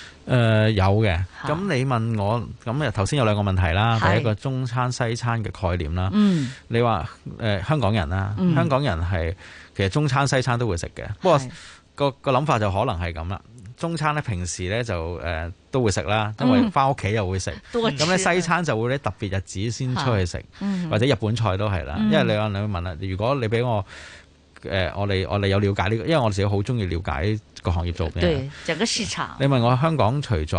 誒、呃、有嘅，咁你問我，咁啊頭先有兩個問題啦，第一個中餐西餐嘅概念啦，你話香港人啦，香港人係、嗯、其實中餐西餐都會食嘅，不過個個諗法就可能係咁啦。中餐咧平時咧就誒、呃、都會食啦，因為返屋企又會食，咁、嗯、咧西餐就會咧特別日子先出去食，或者日本菜都係啦、嗯。因為你話你會問啦，如果你俾我。誒、呃，我哋我哋有了解呢、這個，因為我哋自己好中意了解各行業做咩。對，整個市場。你問我香港除咗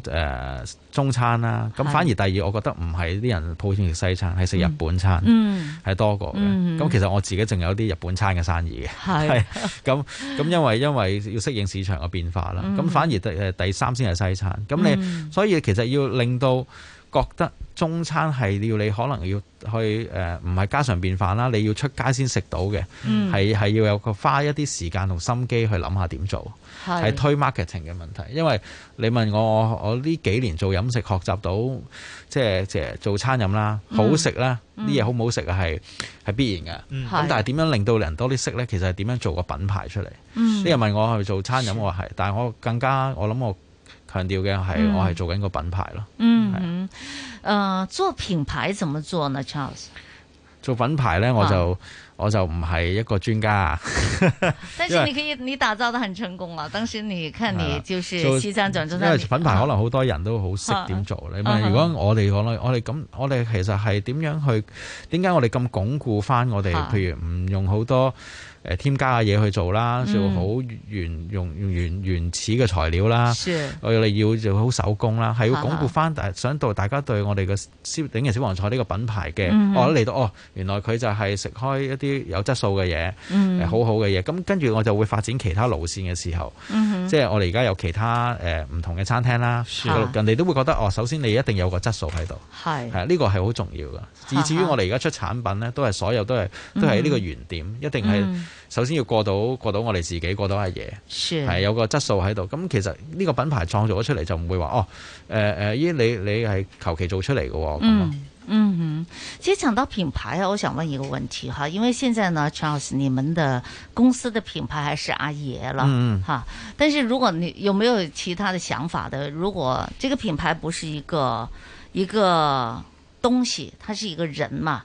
誒、呃、中餐啦，咁反而第二，我覺得唔係啲人普遍食西餐，係食日本餐，係、嗯、多過嘅。咁、嗯、其實我自己仲有啲日本餐嘅生意嘅。係。咁咁 因為因為要適應市場嘅變化啦，咁、嗯、反而第誒第三先係西餐。咁你、嗯、所以其實要令到。覺得中餐係要你可能要去誒，唔、呃、係家常便飯啦，你要出街先食到嘅，係、嗯、要有個花一啲時間同心機去諗下點做，係推 marketing 嘅問題。因為你問我我我呢幾年做飲食學習到，即係做餐飲啦，好食啦，啲、嗯、嘢好唔好食係必然嘅。咁、嗯、但係點樣令到人多啲識呢？其實係點樣做個品牌出嚟？啲、嗯、人問我去做餐飲，我話係，但係我更加我諗我。強調嘅係我係做緊個品牌咯，嗯，誒、呃，做品牌怎麼做呢？Charles，做品牌咧我就、啊、我就唔係一個專家、啊 ，但是你可以你打造得很成功啦。當時你看你就是西餐轉、就是、因為品牌可能好多人都好識點做你問、啊、如果我哋講呢我哋咁，我哋其實係點樣去？點解我哋咁鞏固翻我哋？譬、啊、如唔用好多。誒，添加嘅嘢去做啦，做好原用原原始嘅材料啦。我、嗯、哋要做好手工啦，係要鞏固翻。想到大家對我哋嘅小頂級小黃菜呢個品牌嘅，我、嗯、嚟、哦、到哦，原來佢就係食開一啲有質素嘅嘢，嗯、好好嘅嘢。咁跟住我就會發展其他路線嘅時候，嗯、即係我哋而家有其他誒唔、呃、同嘅餐廳啦，人哋都會覺得哦，首先你一定有一個質素喺度，係呢、這個係好重要㗎。至至於我哋而家出產品咧，都係所有都係都係呢個原點，嗯、一定係。嗯首先要過到過到我哋自己過到阿爺，係有個質素喺度。咁其實呢個品牌創造咗出嚟就唔會話哦，誒、呃、誒、呃，你你係求其做出嚟嘅。嗯嗯哼，其實講到品牌啊，我想問一個問題哈，因為現在呢，Charles，你們的公司的品牌還是阿爺啦，哈、嗯，但是如果你有沒有其他的想法的？如果這個品牌不是一個一個東西，它是一個人嘛？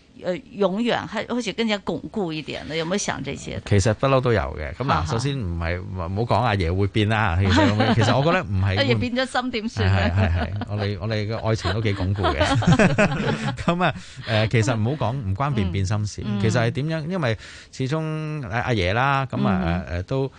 誒，永遠，好似更加鞏固一點咧，有冇想這些？其實不嬲都有嘅。咁嗱，首先唔係唔好講阿爺會變啦，其實其實我覺得唔係，阿爺變咗心點算？係係係，我哋我哋嘅愛情都幾鞏固嘅。咁啊誒，其實唔好講，唔關變變心事，其實係點樣？因為始終阿爺啦，咁啊誒誒都。嗯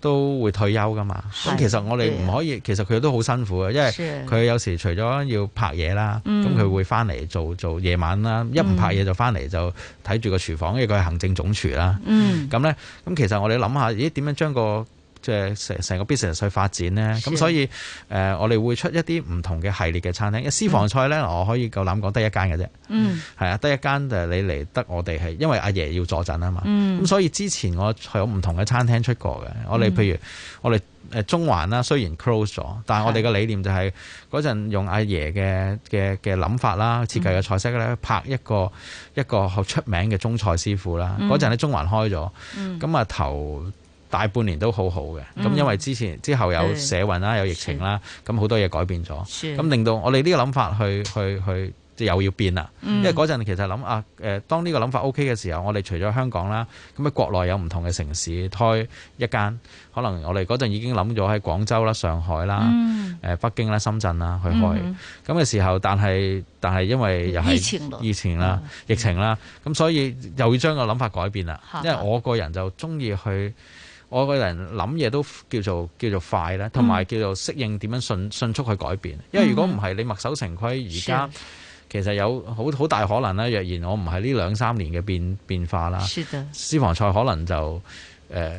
都會退休㗎嘛？咁其實我哋唔可以，其實佢都好辛苦嘅，因為佢有時除咗要拍嘢啦，咁佢會返嚟做做夜晚啦、嗯。一唔拍嘢就返嚟就睇住個廚房，因為佢係行政總廚啦。咁、嗯、咧，咁其實我哋諗下，咦？點樣將個嘅成成個 business 去發展咧，咁所以誒、呃，我哋會出一啲唔同嘅系列嘅餐廳。因私房菜咧、嗯，我可以夠膽講得一間嘅啫。嗯，係啊，得一間就係，你嚟得我哋係，因為阿爺要坐陣啊嘛。咁、嗯、所以之前我係有唔同嘅餐廳出過嘅。我哋譬如、嗯、我哋誒中環啦，雖然 close 咗，但係我哋嘅理念就係嗰陣用阿爺嘅嘅嘅諗法啦，設計嘅菜式咧，拍一個一個好出名嘅中菜師傅啦。嗰陣喺中環開咗，咁、嗯、啊頭。大半年都好好嘅，咁因為之前之後有社運啦，有疫情啦，咁、嗯、好多嘢改變咗，咁令到我哋呢個諗法去去去，即又要變啦、嗯。因為嗰陣其實諗啊，當呢個諗法 OK 嘅時候，我哋除咗香港啦，咁喺國內有唔同嘅城市開一間，可能我哋嗰陣已經諗咗喺廣州啦、上海啦、嗯、北京啦、深圳啦去開，咁、嗯、嘅時候，但係但係因為又係以前啦、嗯、疫情啦，咁所以又要將個諗法改變啦。因為我個人就鍾意去。我個人諗嘢都叫做叫做快咧，同埋叫做適應點樣迅迅速去改變。嗯、因為如果唔係，你墨守成規，而家其實有好好大可能啦。若然我唔係呢兩三年嘅變變化啦，是的，私房菜可能就誒。呃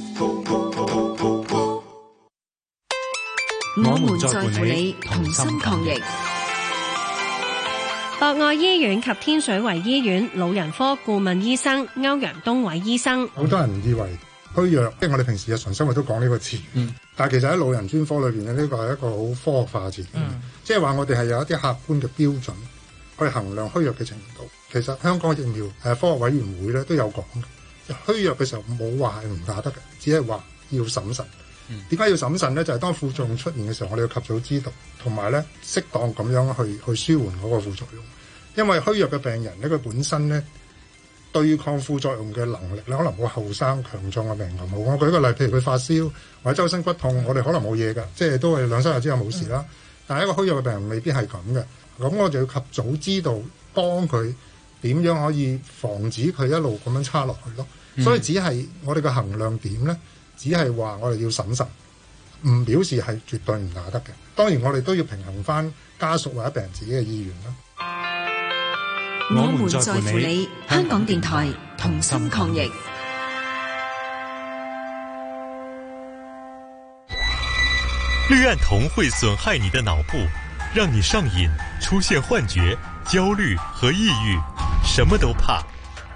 我們在乎你，同心抗疫。博愛醫院及天水圍醫院老人科顧問醫生歐陽東偉醫生。好多人以為虛弱，即係我哋平時日常生活都講呢個詞。嗯。但係其實喺老人專科裏邊咧，呢個係一個好科學化字。嗯。即係話我哋係有一啲客觀嘅標準去衡量虛弱嘅程度。其實香港疫苗誒科學委員會咧都有講嘅，虛弱嘅時候冇話係唔打得嘅，只係話要審慎。點解要審慎咧？就係、是、當副作用出現嘅時候，我哋要及早知道，同埋咧適當咁樣去去舒緩嗰個副作用。因為虛弱嘅病人呢，呢佢本身咧對抗副作用嘅能力你可能冇後生強壯嘅病人好。我舉個例，譬如佢發燒或者周身骨痛，我哋可能冇嘢㗎，即係都係兩三日之後冇事啦，嗯。但係一個虛弱嘅病人未必係咁嘅，咁我就要及早知道幫，幫佢點樣可以防止佢一路咁樣差落去咯。所以只係我哋嘅衡量點咧。只係話我哋要審慎，唔表示係絕對唔打得嘅。當然我哋都要平衡翻家屬或者病人自己嘅意願啦。我們在乎你，香港電台同心抗疫。氯胺酮會損害你的腦部，讓你上癮、出現幻覺、焦慮和抑鬱，什麼都怕。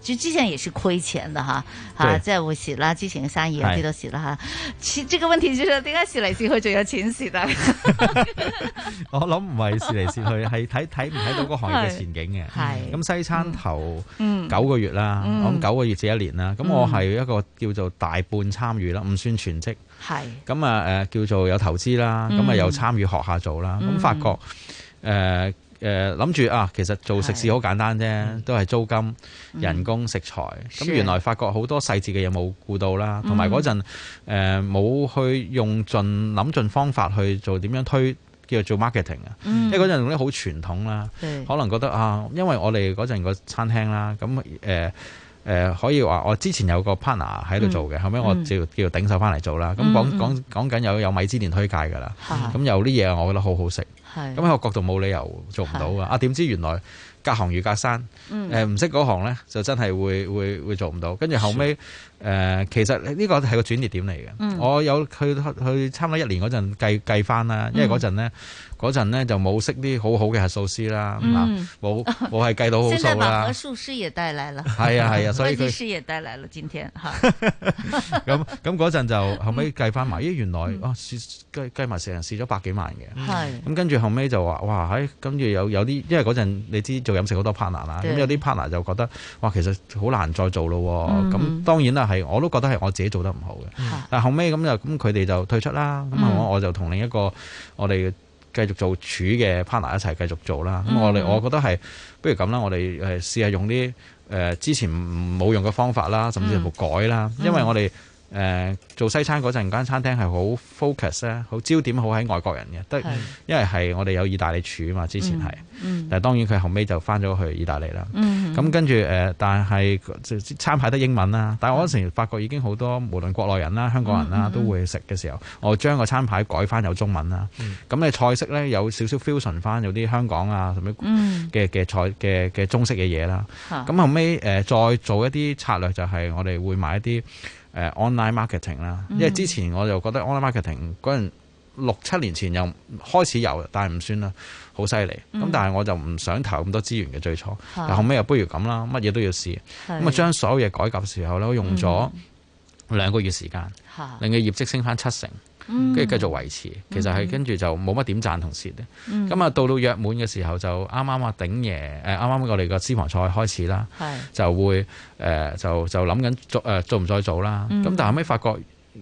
之前也是虧錢的哈，吓即係會蝕啦，之前嘅生意啊最多蝕啦吓。即這個問題就點解蝕嚟蝕去仲有錢蝕啊？ 我諗唔係蝕嚟蝕去，係睇睇唔睇到嗰行業嘅前景嘅。係咁西餐頭九個月啦，咁、嗯、九個月至一年啦。咁、嗯、我係一個叫做大半參與啦，唔算全職。係咁啊誒，叫做有投資啦，咁啊又參與學下做啦。咁發覺誒。嗯呃誒諗住啊，其實做食肆好簡單啫，都係租金、人工、食材。咁原來發覺好多細節嘅嘢冇顧到啦，同埋嗰陣冇去用盡諗盡方法去做點樣推，叫做 marketing 啊。因為嗰陣好傳統啦，可能覺得啊，因為我哋嗰陣個餐廳啦，咁誒誒可以話我之前有個 partner 喺度做嘅，後尾我就叫做頂手翻嚟做啦。咁講講講緊有有米芝蓮推介噶啦，咁有啲嘢我覺得好好食。咁喺我角度冇理由做唔到㗎，啊點知原來隔行如隔山，嗯唔識嗰行呢，就真係會會會做唔到，跟住後尾。誒、呃，其實呢個係個轉捩點嚟嘅、嗯。我有去去差唔多一年嗰陣計計翻啦，因為嗰陣呢，嗰陣呢就冇識啲好好嘅核數師啦，冇冇係計到好數啦。現在核數師也帶嚟了。係啊係啊，所以核數師也帶嚟了。今天咁咁嗰陣就後尾計翻埋、嗯，原來、嗯、啊計埋成日試咗百幾萬嘅。咁、嗯嗯、跟住後尾就話哇、哎、跟住有有啲，因為嗰陣你知做飲食好多 partner 啦，咁有啲 partner 就覺得哇其實好難再做咯，咁、嗯、當然啦。係，我都覺得係我自己做得唔好嘅、嗯。但後尾咁就咁，佢哋就退出啦。咁我我就同另一個我哋繼續做住嘅 partner 一齊繼續做啦。咁、嗯、我哋我覺得係不如咁啦，我哋係試下用啲誒、呃、之前冇用嘅方法啦，甚至乎改啦、嗯，因為我哋。誒、呃、做西餐嗰陣間餐廳係好 focus 咧，好焦點好喺外國人嘅，得因為係我哋有意大利廚啊嘛，之前係、嗯嗯，但當然佢後尾就翻咗去意大利啦。咁跟住但係餐牌得英文啦。但我嗰時發覺已經好多、嗯、無論國內人啦、香港人啦、嗯、都會食嘅時候，嗯嗯、我將個餐牌改翻有中文啦。咁、嗯、你菜式咧有少少 fusion 翻有啲香港啊，什麼嘅嘅菜嘅嘅中式嘅嘢啦。咁、啊、後尾、呃、再做一啲策略，就係、是、我哋會買一啲。online marketing 啦，因為之前我就覺得 online marketing 嗰陣六七年前又開始有，但係唔算啦，好犀利。咁但係我就唔想投咁多資源嘅最初，後尾又不如咁啦，乜嘢都要試。咁啊將所有嘢改革嘅時候咧，我用咗兩個月時間，令佢業績升翻七成。跟住繼續維持，其實係跟住就冇乜點賺同蝕，咧。咁啊，到到約滿嘅時候就啱啱啊鼎爺，誒啱啱我哋個私房菜開始啦，就會誒、呃、就就諗緊做誒、呃、做唔再做啦。咁、嗯、但後尾發覺，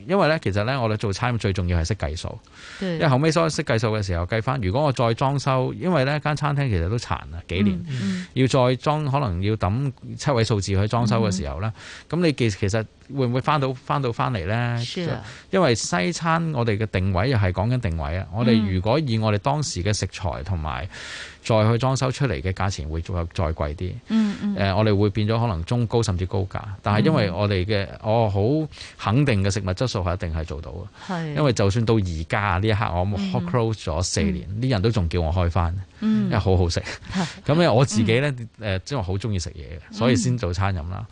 因為咧其實咧我哋做餐最重要係識計數，因為後尾所以識計數嘅時候計翻，如果我再裝修，因為呢間餐廳其實都殘啦幾年，嗯嗯、要再裝可能要揼七位數字去裝修嘅時候啦，咁、嗯、你其其實。會唔會翻到翻到翻嚟咧？Sure. 因為西餐我哋嘅定位又係講緊定位啊！Mm. 我哋如果以我哋當時嘅食材同埋，再去裝修出嚟嘅價錢會再再貴啲。誒、mm. 呃，我哋會變咗可能中高甚至高價。但係因為我哋嘅、mm. 我好肯定嘅食物質素係一定係做到嘅。因為就算到而家呢一刻，我開 close 咗四年，啲、mm. 人都仲叫我開翻、mm. 呃，因為好好食。咁咧我自己咧誒，即係好中意食嘢嘅，所以先做餐飲啦。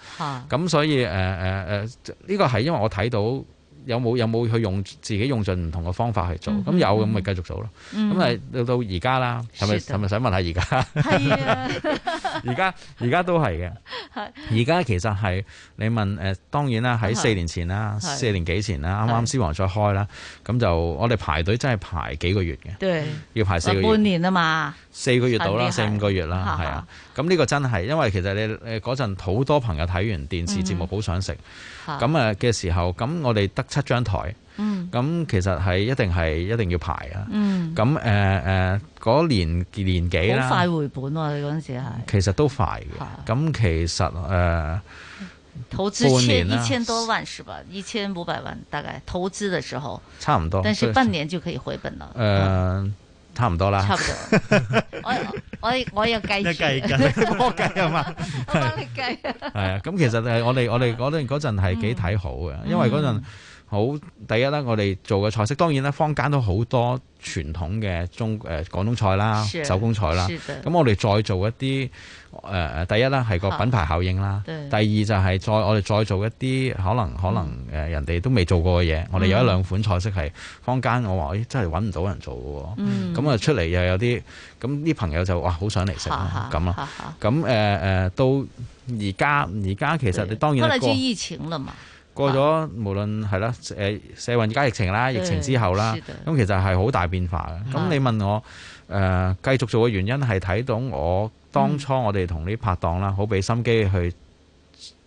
咁、mm. 啊、所以誒誒誒。呃呃呢、這個係因為我睇到有冇有冇去用自己用盡唔同嘅方法去做，咁、嗯、有咁咪、嗯、繼續做咯。咁、嗯、啊到到而家啦，係咪係咪想問下而家？而家而家都係嘅。而家其實係你問誒、呃，當然啦，喺四年前啦，四年幾前啦，啱啱私房再開啦，咁就我哋排隊真係排幾個月嘅，要排四個月半年啊嘛，四個月到啦，四五個月啦，係啊。咁、這、呢個真係，因為其實你嗰陣好多朋友睇完電視節目好想食，咁、嗯、嘅時候，咁、嗯、我哋得七張台，咁、嗯、其實係一定係一定要排、嗯呃、啊。咁誒誒嗰年年幾啦？好快回本喎！你嗰陣時係其實都快嘅。咁其實誒、呃、投資千一千多萬是，是吧？一千五百萬大概投資嘅時候，差唔多，但係半年就可以回本啦。呃差唔多啦， 我我我又計住，我計啊嘛，係啊、嗯，咁其實係我哋我哋嗰陣嗰陣係幾睇好嘅，因為嗰陣。好第一啦，我哋做嘅菜式，當然啦，坊間都好多傳統嘅中誒、呃、廣東菜啦、手工菜啦。咁我哋再做一啲誒、呃，第一啦，係個品牌效應啦。第二就係再我哋再做一啲可能可能誒人哋都未做過嘅嘢、嗯。我哋有一兩款菜式係坊間我話誒真係揾唔到人做嘅喎。咁、嗯、啊，出嚟又有啲咁啲朋友就哇好想嚟食咁啦。咁誒誒到而家而家其實你當然知疫情啦嘛。過咗，無論係啦，誒，社運加疫情啦，疫情之後啦，咁其實係好大變化嘅。咁你問我誒，繼續做嘅原因係睇到我當初我哋同呢拍檔啦，好俾心機去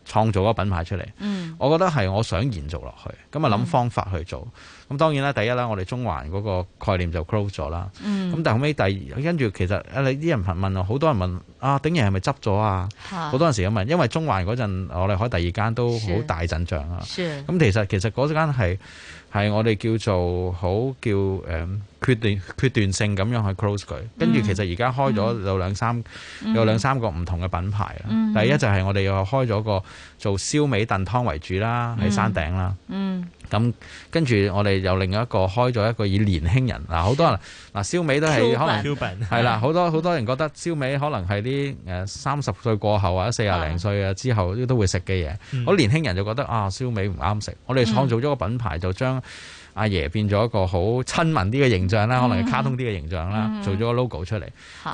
創造一個品牌出嚟。嗯，我覺得係我想延續落去，咁啊諗方法去做。咁當然啦，第一啦，我哋中環嗰個概念就 close 咗啦。咁、嗯、但係後尾第二跟住，其實你啲人問問好多人問啊，鼎爺係咪執咗啊？好多人時咁問，因為中環嗰陣我哋開第二間都好大陣仗啊。咁其實其實嗰間係係我哋叫做好叫、嗯決定決斷性咁樣去 close 佢，跟住其實而家開咗有兩三、嗯、有兩三個唔同嘅品牌啦。嗯、第一就係我哋又開咗個做燒味燉湯為主啦，喺山頂啦。咁跟住我哋又另一個開咗一個以年輕人嗱好、啊、多人嗱、啊、燒味都係可能係啦，好多好多人覺得燒味可能係啲誒三十歲過後或者四廿零歲嘅之後都都會食嘅嘢，好、嗯、年輕人就覺得啊燒味唔啱食。我哋創造咗個品牌就將阿爺變咗一個好親民啲嘅形象啦，可能係卡通啲嘅形象啦，做咗個 logo 出嚟。咁、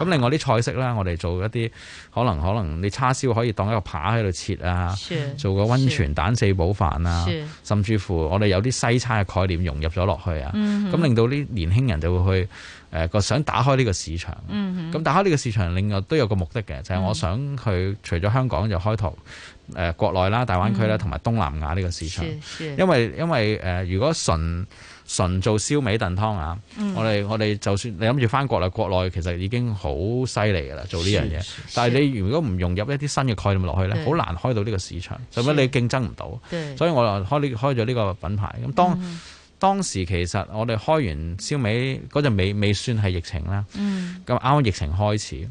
mm-hmm. 另外啲菜式啦，我哋做一啲可能可能你叉燒可以當一個扒喺度切啊，做個温泉蛋四寶飯啊，甚至乎我哋有啲西餐嘅概念融入咗落去啊，咁、mm-hmm. 令到啲年輕人就會去、呃、想打開呢個市場。咁、mm-hmm. 打開呢個市場，另外都有個目的嘅，就係、是、我想去、mm-hmm. 除咗香港就開拓。誒、呃、國內啦、大灣區啦，同、嗯、埋東南亞呢個市場，因為因為誒、呃，如果純純做燒味燉湯啊、嗯，我哋我哋就算你諗住返國內，國內其實已經好犀利嘅啦，做呢樣嘢。但係你如果唔融入一啲新嘅概念落去咧，好難開到呢個市場，就咁你競爭唔到。所以我又開呢開咗呢個品牌。咁當、嗯、當時其實我哋開完燒味嗰陣未未算係疫情啦，咁、嗯、啱疫情開始。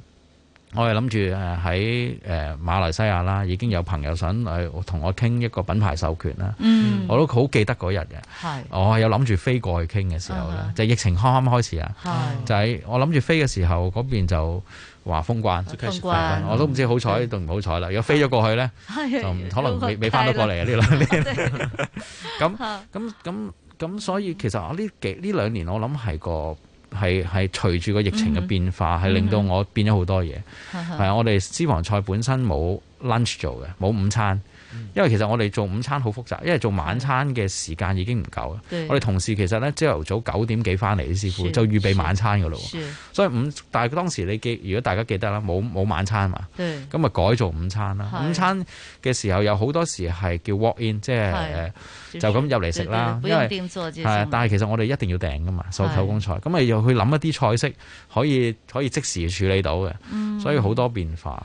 我係諗住誒喺誒馬來西亞啦，已經有朋友想誒同我傾一個品牌授權啦。嗯，我都好記得嗰日嘅。係，我係有諗住飛過去傾嘅時候咧，就疫情啱啱開始啊。係，就係我諗住飛嘅時候，嗰邊就話封關。封關，我都唔知好彩定唔好彩啦。如果飛咗過去咧，就可能未未翻到過嚟啊！呢兩年，咁咁咁咁，所以其實我呢幾呢兩年，我諗係個。係係，隨住個疫情嘅變化，係、嗯、令到我變咗好多嘢。係、嗯、我哋私房菜本身冇 lunch 做嘅，冇午餐。因為其實我哋做午餐好複雜，因為做晚餐嘅時間已經唔夠啦。我哋同事其實咧朝頭早九點幾翻嚟啲師傅就預備晚餐噶咯，所以午但係當時你記，如果大家記得啦，冇冇晚餐嘛，咁咪改做午餐啦。午餐嘅時候有好多時係叫 walk in，即係就咁入嚟食啦對對對定。因為係，但係其實我哋一定要訂噶嘛，所有手工菜，咁咪又去諗一啲菜式可以可以即時處理到嘅、嗯，所以好多變化。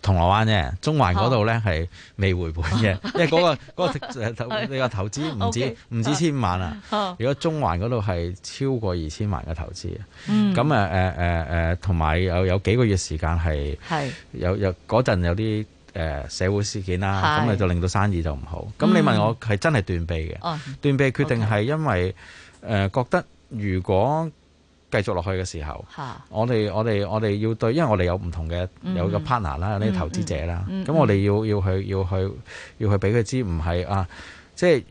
銅鑼灣啫，中環嗰度咧係未回本嘅、啊，因為嗰、嗰個嗰你、啊 okay, 嗰個嗰個、投資唔止唔、啊 okay, 止千萬啊，啊。如果中環嗰度係超過二千萬嘅投資，咁誒同埋有有幾個月時間係有有嗰陣有啲、呃、社會事件啦，咁咪就令到生意就唔好。咁、嗯、你問我係真係斷臂嘅、啊，斷臂決定係因為誒、啊 okay. 呃、覺得如果，繼續落去嘅時候，我哋我哋我哋要對，因為我哋有唔同嘅有個 partner 啦、嗯，有啲投資者啦，咁、嗯嗯、我哋要要去要去要去俾佢知不是，唔係啊，即係。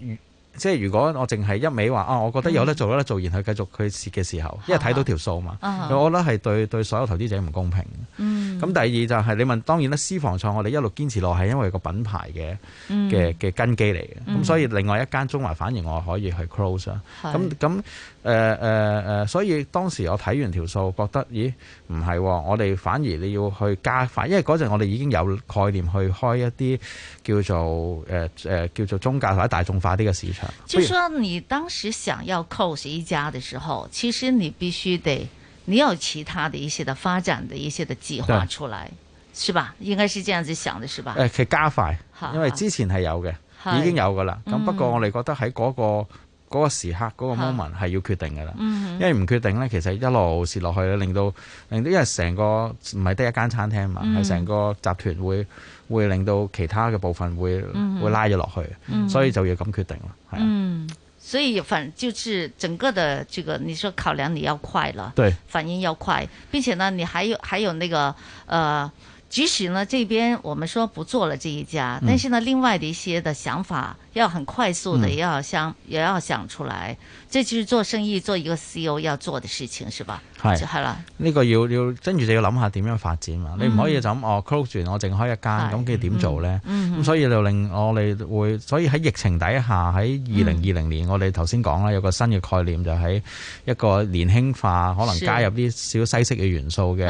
即係如果我淨係一味話啊，我覺得有得做有得做，然後繼續佢蝕嘅時候，嗯、因為睇到條數嘛，嗯、我覺得係對對所有投資者唔公平。咁、嗯、第二就係、是、你問當然啦，私房菜我哋一路堅持落係因為個品牌嘅嘅嘅根基嚟嘅。咁、嗯、所以另外一間中華反而我可以去 close 咁咁誒誒誒所以當時我睇完條數覺得咦唔係、哦，我哋反而你要去加快，因為嗰陣我哋已經有概念去開一啲叫做誒誒、呃、叫做中介或者大眾化啲嘅市場就是、說你當時想要扣一家的時候，其實你必須得，你有其他的一些的發展的一些的計劃出來，是吧？應該是這樣子想的，是吧？誒，其實加快，因為之前係有嘅、啊，已經有噶啦。咁不過我哋覺得喺嗰、嗰個、嗯嗰個時刻嗰、嗰個 moment 係要決定噶啦、嗯，因為唔決定呢，其實一路蝕落去，令到令到因為成個唔係得一間餐廳嘛，係、嗯、成個集團會。會令到其他嘅部分會、嗯、會拉咗落去、嗯，所以就要咁決定咯。嗯、啊，所以反就是整個的這個，你說考量你要快了，對，反應要快，並且呢，你還有還有那個，呃，即使呢這邊我們說不做了這一家，但是呢另外的一些的想法要很快速的，也要想、嗯、要想也要想出來。即係做生意做一個 CEO 要做的事情，是吧？係，係啦。呢個要要跟住就要諗下點樣發展嘛。嗯、你唔可以就咁哦，close 住我淨開一間，咁佢點做咧？咁、嗯、所以就令我哋會，所以喺疫情底下，喺二零二零年，嗯、我哋頭先講啦，有個新嘅概念就係一個年輕化，可能加入啲小西式嘅元素嘅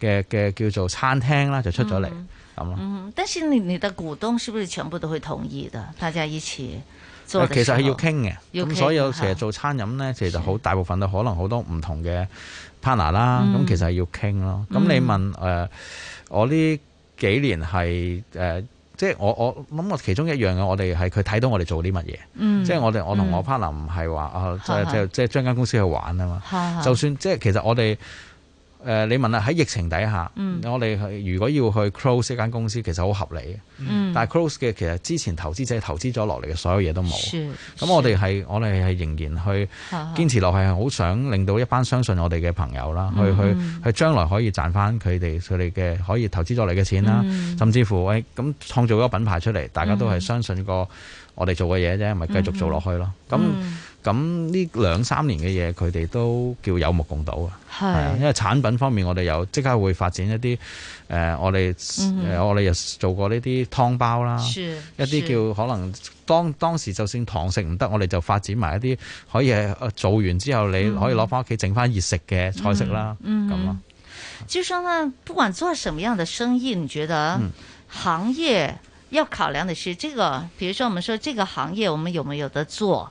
嘅嘅叫做餐廳啦，就出咗嚟咁咯。但是你你的股東是不是全部都會同意的？大家一起。其實係要傾嘅，咁所以成日做餐飲咧，其實好大部分都可能好多唔同嘅 partner 啦、嗯。咁其實係要傾咯。咁你問誒、嗯呃，我呢幾年係誒、呃，即係我我諗，我，我其中一樣嘅，我哋係佢睇到我哋做啲乜嘢。即係我哋我同我 partner 唔係話啊，即係即係即係將間公司去玩啊嘛、嗯。就算，是是就算即係其實我哋。誒、呃，你問啦，喺疫情底下，嗯、我哋如果要去 close 呢間公司，其實好合理、嗯、但係 close 嘅其實之前投資者投資咗落嚟嘅所有嘢都冇。咁我哋係我哋係仍然去堅持落去，好想令到一班相信我哋嘅朋友啦、嗯，去去去，去將來可以賺翻佢哋佢哋嘅可以投資咗你嘅錢啦、嗯。甚至乎喂，咁、哎、創造咗個品牌出嚟，大家都係相信過我哋做嘅嘢啫，咪、嗯、繼續做落去咯。咁、嗯。咁呢兩三年嘅嘢，佢哋都叫有目共睹啊。係，因為產品方面我們，我哋有即刻會發展一啲誒、呃，我哋、嗯呃、我哋又做過呢啲湯包啦，一啲叫可能當當時就算堂食唔得，我哋就發展埋一啲可以做完之後，你可以攞翻屋企整翻熱食嘅菜式啦。咁、嗯、啊，即係、嗯嗯、呢，不管做什麼樣的生意，你覺得行業要考量的是這個，比如說我們說這個行業，我們有沒有得做？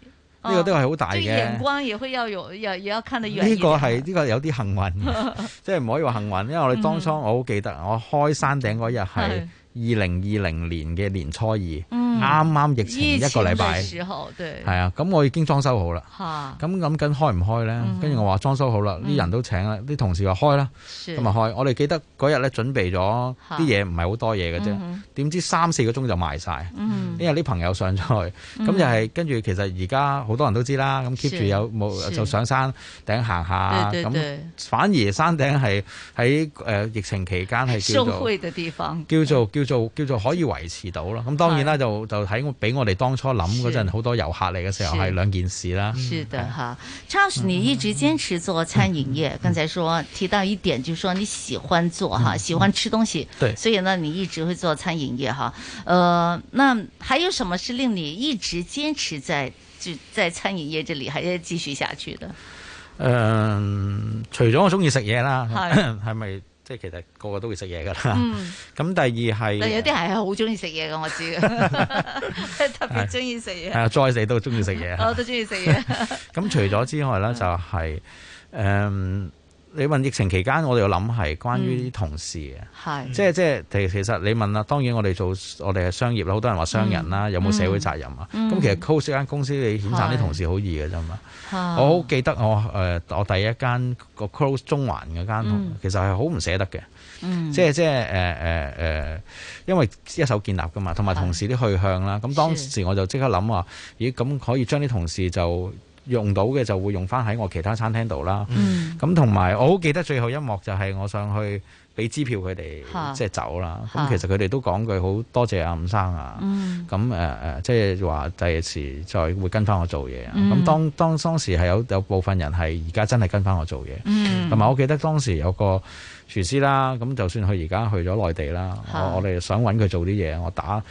呢、這個都係好大嘅，哦、眼光也會要有，要也要看得遠。呢、這個係呢、這個是有啲幸運， 即係唔可以話幸運，因為我哋當初我好記得，我開山頂嗰日係。嗯二零二零年嘅年初二，啱啱疫情一個禮拜時候，對，係啊，咁我已經裝修好啦，咁諗緊開唔開咧？跟住我話裝修好啦，啲人都請啦，啲同事話開啦，咁咪開。我哋記得嗰日咧，準備咗啲嘢，唔係好多嘢嘅啫，點知三四個鐘就賣晒，因為啲朋友上咗去，咁就係跟住。其實而家好多人都知啦，咁 keep 住有冇就上山頂行下，咁反而山頂係喺誒疫情期間係叫做社會嘅地方，叫做叫。叫做叫做可以維持到啦，咁當然啦，就就喺俾我哋當初諗嗰陣好多遊客嚟嘅時候係兩件事啦。是的吓，Charles，、嗯啊、你一直堅持做餐飲業，剛、嗯、才說提到一點，就是說你喜歡做哈，喜歡吃東西，對、嗯，所以呢，你一直會做餐飲業哈。呃、啊，那還有什麼是令你一直堅持在就，在餐飲業這裏還要繼續下去的？嗯、呃，除咗我中意食嘢啦，係咪？ 是即係其實個個都會食嘢㗎喇，咁、嗯、第二係，有啲係好鍾意食嘢嘅，我知嘅， 特別鍾意食嘢。係啊，再死都鍾意食嘢。我都鍾意食嘢。咁 除咗之外咧、就係，就係誒。你問疫情期間，我哋要諗係關於啲同事嘅、嗯，即係即係其其實你問啦。當然我哋做我哋嘅商業啦，好多人話商人啦、嗯，有冇社會責任啊？咁、嗯、其實 close 間公司你遣散啲同事好易嘅啫嘛。我好記得我我第一間個 close 中環嗰間、嗯，其實係好唔捨得嘅、嗯，即係即係誒誒因為一手建立噶嘛，同埋同事啲去向啦。咁當時我就即刻諗話，咦、哎、咁可以將啲同事就。用到嘅就會用翻喺我其他餐廳度啦。咁同埋我好記得最後一幕就係我上去俾支票佢哋即係走啦。咁其實佢哋都講句好多謝阿、啊、伍生啊。咁、嗯呃、即係話第時再會跟翻我做嘢。咁、嗯、當當當時係有有部分人係而家真係跟翻我做嘢。同、嗯、埋我記得當時有個廚師啦。咁就算佢而家去咗內地啦，我我哋想揾佢做啲嘢，我打。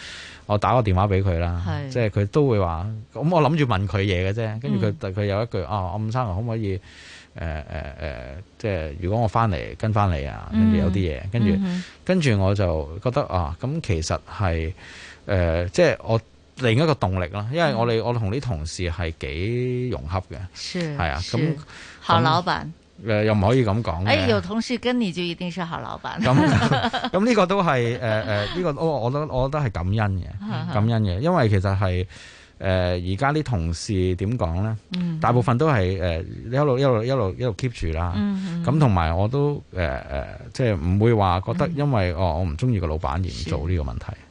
我打個電話俾佢啦，即係佢都會話，咁我諗住問佢嘢嘅啫。跟住佢，對佢有一句、嗯、啊，阿伍生可唔可以？誒誒誒，即係如果我翻嚟跟翻嚟啊，跟住有啲嘢，跟住跟住我就覺得啊，咁其實係誒、呃，即係我另一個動力啦，因為我哋我同啲同事係幾融洽嘅，係啊，咁何、嗯、老闆。誒、呃，又唔可以咁講。誒、哎，有同事跟你就一定是好老闆。咁咁呢個都係誒誒，呢、呃，這個我我都我都係感恩嘅，感恩嘅。因為其實係誒而家啲同事點講咧？大部分都係誒、呃、一路一路一路一路 keep 住啦。咁同埋我都誒誒，即係唔會話覺得因為、嗯、哦我唔中意個老闆而唔做呢個問題。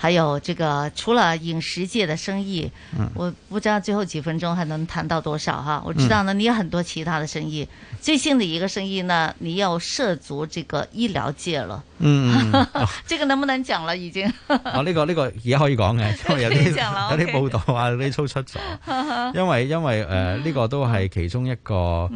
還有這個，除了飲食界的生意，我不知道最後幾分鐘還能談到多少哈。我知道呢，你有很多其他的生意，最新的一個生意呢，你要涉足這個醫療界了。嗯，啊、 這個能不能講了？已經。哦、啊，呢、這個呢、這個而家可以講嘅、 okay， 因為有啲有啲報道話你都出咗，因為因為誒，呢 個都係其中一個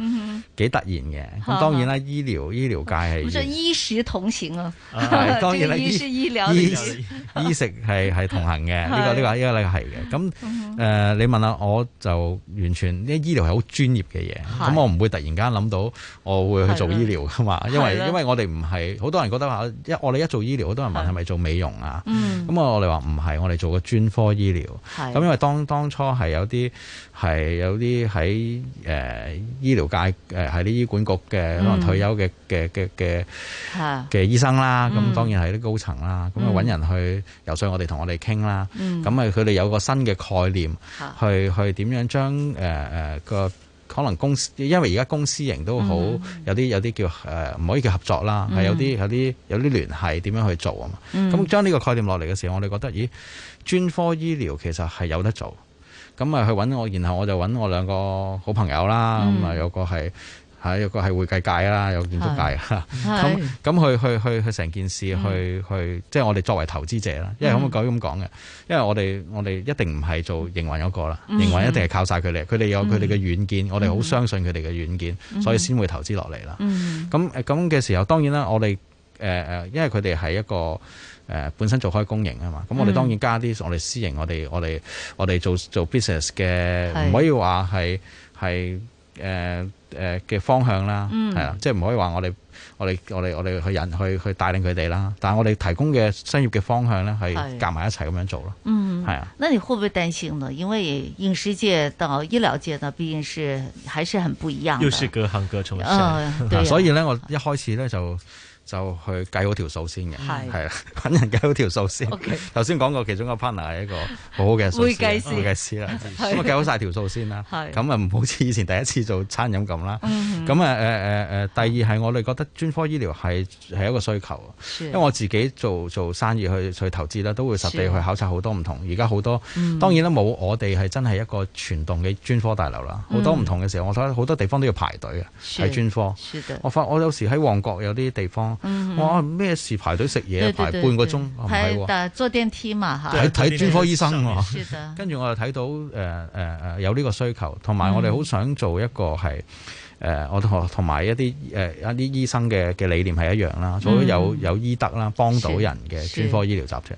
幾突然嘅。咁、 嗯、當然啦，醫療醫療界係。我說醫食同行啊。啊 當然啦，醫食醫療，醫食，醫食。係係同行嘅，呢、呢個呢、呢個呢、呢個呢個係嘅。咁誒、嗯呃、你問下我，就完全啲醫療係好專業嘅嘢，咁我唔會突然間諗到我會去做醫療噶嘛。因為是因為我哋唔係好多人覺得話，一我哋一做醫療好多人問係咪做美容啊。咁我我哋話唔係，我哋做個專科醫療。咁因為當當初係有啲係有啲喺誒醫療界誒係啲醫管局嘅可能退休嘅嘅嘅嘅嘅醫生啦，咁當然係啲高層啦。咁啊揾人去、嗯由上我哋同我哋傾啦，咁啊佢哋有個新嘅概念，去去點樣將誒誒個可能公司，因為而家公司型都好有啲有啲叫誒唔、呃、可以叫合作啦，係有啲有啲有啲聯繫點樣去做啊嘛，咁將呢個概念落嚟嘅時候，我哋覺得咦，專科醫療其實係有得做，咁啊去揾我，然後我就揾我兩個好朋友啦，咁啊有個係。係有個係會計界啦，有建築界啦，咁咁去去去去成件事去，去、嗯、去即係我哋作為投資者啦。因為咁嘅咁講嘅，因為我哋我哋一定唔係做營運嗰個啦，營、嗯、運一定係靠晒佢哋。佢、嗯、哋有佢哋嘅軟件，嗯、我哋好相信佢哋嘅軟件、嗯，所以先會投資落嚟啦。咁咁嘅時候，當然啦，我哋誒誒，因為佢哋係一個誒、呃、本身做開公營啊嘛。咁、嗯、我哋當然加啲我哋私營，我哋我哋我哋做做 business 嘅，唔可以話係係誒。誒嘅方向啦，係、嗯、啊即係唔可以話我哋我哋我哋我哋去引去去帶領佢哋啦，但係我哋提供嘅商業嘅方向咧係夾埋一齊咁樣做咯，係、嗯、啊。那你會唔會擔心呢？因為影視界到醫療界呢，呢畢竟是還是很不一樣，又是隔行隔出嚟，所以咧我一開始咧就。就去計好條數先嘅，係啊，搵人計好條數先。頭先講過其中一個 partner 係一個好好嘅會計師啦，啊、會計好晒條數先啦。咁啊，唔好似以前第一次做餐飲咁啦。咁啊誒第二係我哋覺得專科醫療係係一個需求，因為我自己做做生意去去投資咧，都會實地去考察好多唔同。而家好多當然咧冇我哋係真係一個全棟嘅專科大樓啦。好、嗯、多唔同嘅時候，我睇好多地方都要排隊嘅睇專科。我發我有時喺旺角有啲地方。哇！咩事排隊食嘢排半個鐘，係喎。但係坐電梯嘛，睇睇專科醫生，啊、是的跟住我就睇到誒誒誒，有呢個需求，同埋我哋好想做一個係誒、呃，我同同埋一啲誒、呃、一啲醫生嘅嘅理念係一樣啦，做咗有有醫德啦，幫到人嘅專科醫療集團。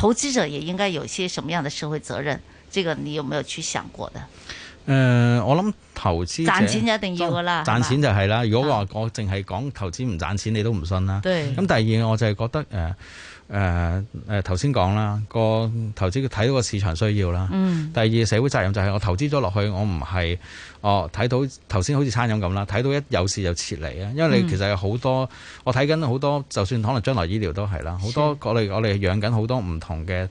投資者也應該有些什麼樣的社會責任？這個你有沒有去想過的？誒、呃，我諗投資賺錢就一定要噶啦，賺錢就係啦。如果話我淨係講投資唔賺錢，你都唔信啦。對。咁第二，我就係覺得誒。呃誒誒頭先講啦，個、呃、投資佢睇到個市場需要啦、嗯。第二社會責任就係我投資咗落去，我唔係哦睇到頭先好似餐飲咁啦，睇到一有事就撤離啊。因為你其實有好多，嗯、我睇緊好多，就算可能將來醫療都係啦，好多我哋我哋養緊好多唔同嘅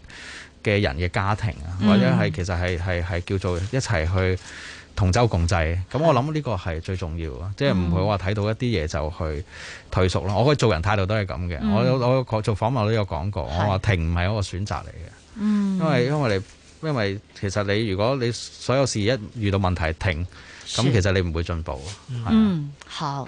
嘅人嘅家庭啊，或者係其實係係係叫做一齊去，同舟共濟，咁我諗呢個係最重要啊、嗯！即係唔會話睇到一啲嘢就去退縮咯。我可以做人態度都係咁嘅。我我做訪問都有講過，我話停唔係一個選擇嚟嘅。嗯，因為因為你因為其實你如果你所有事一遇到問題停，咁其實你唔會進步。嗯，好。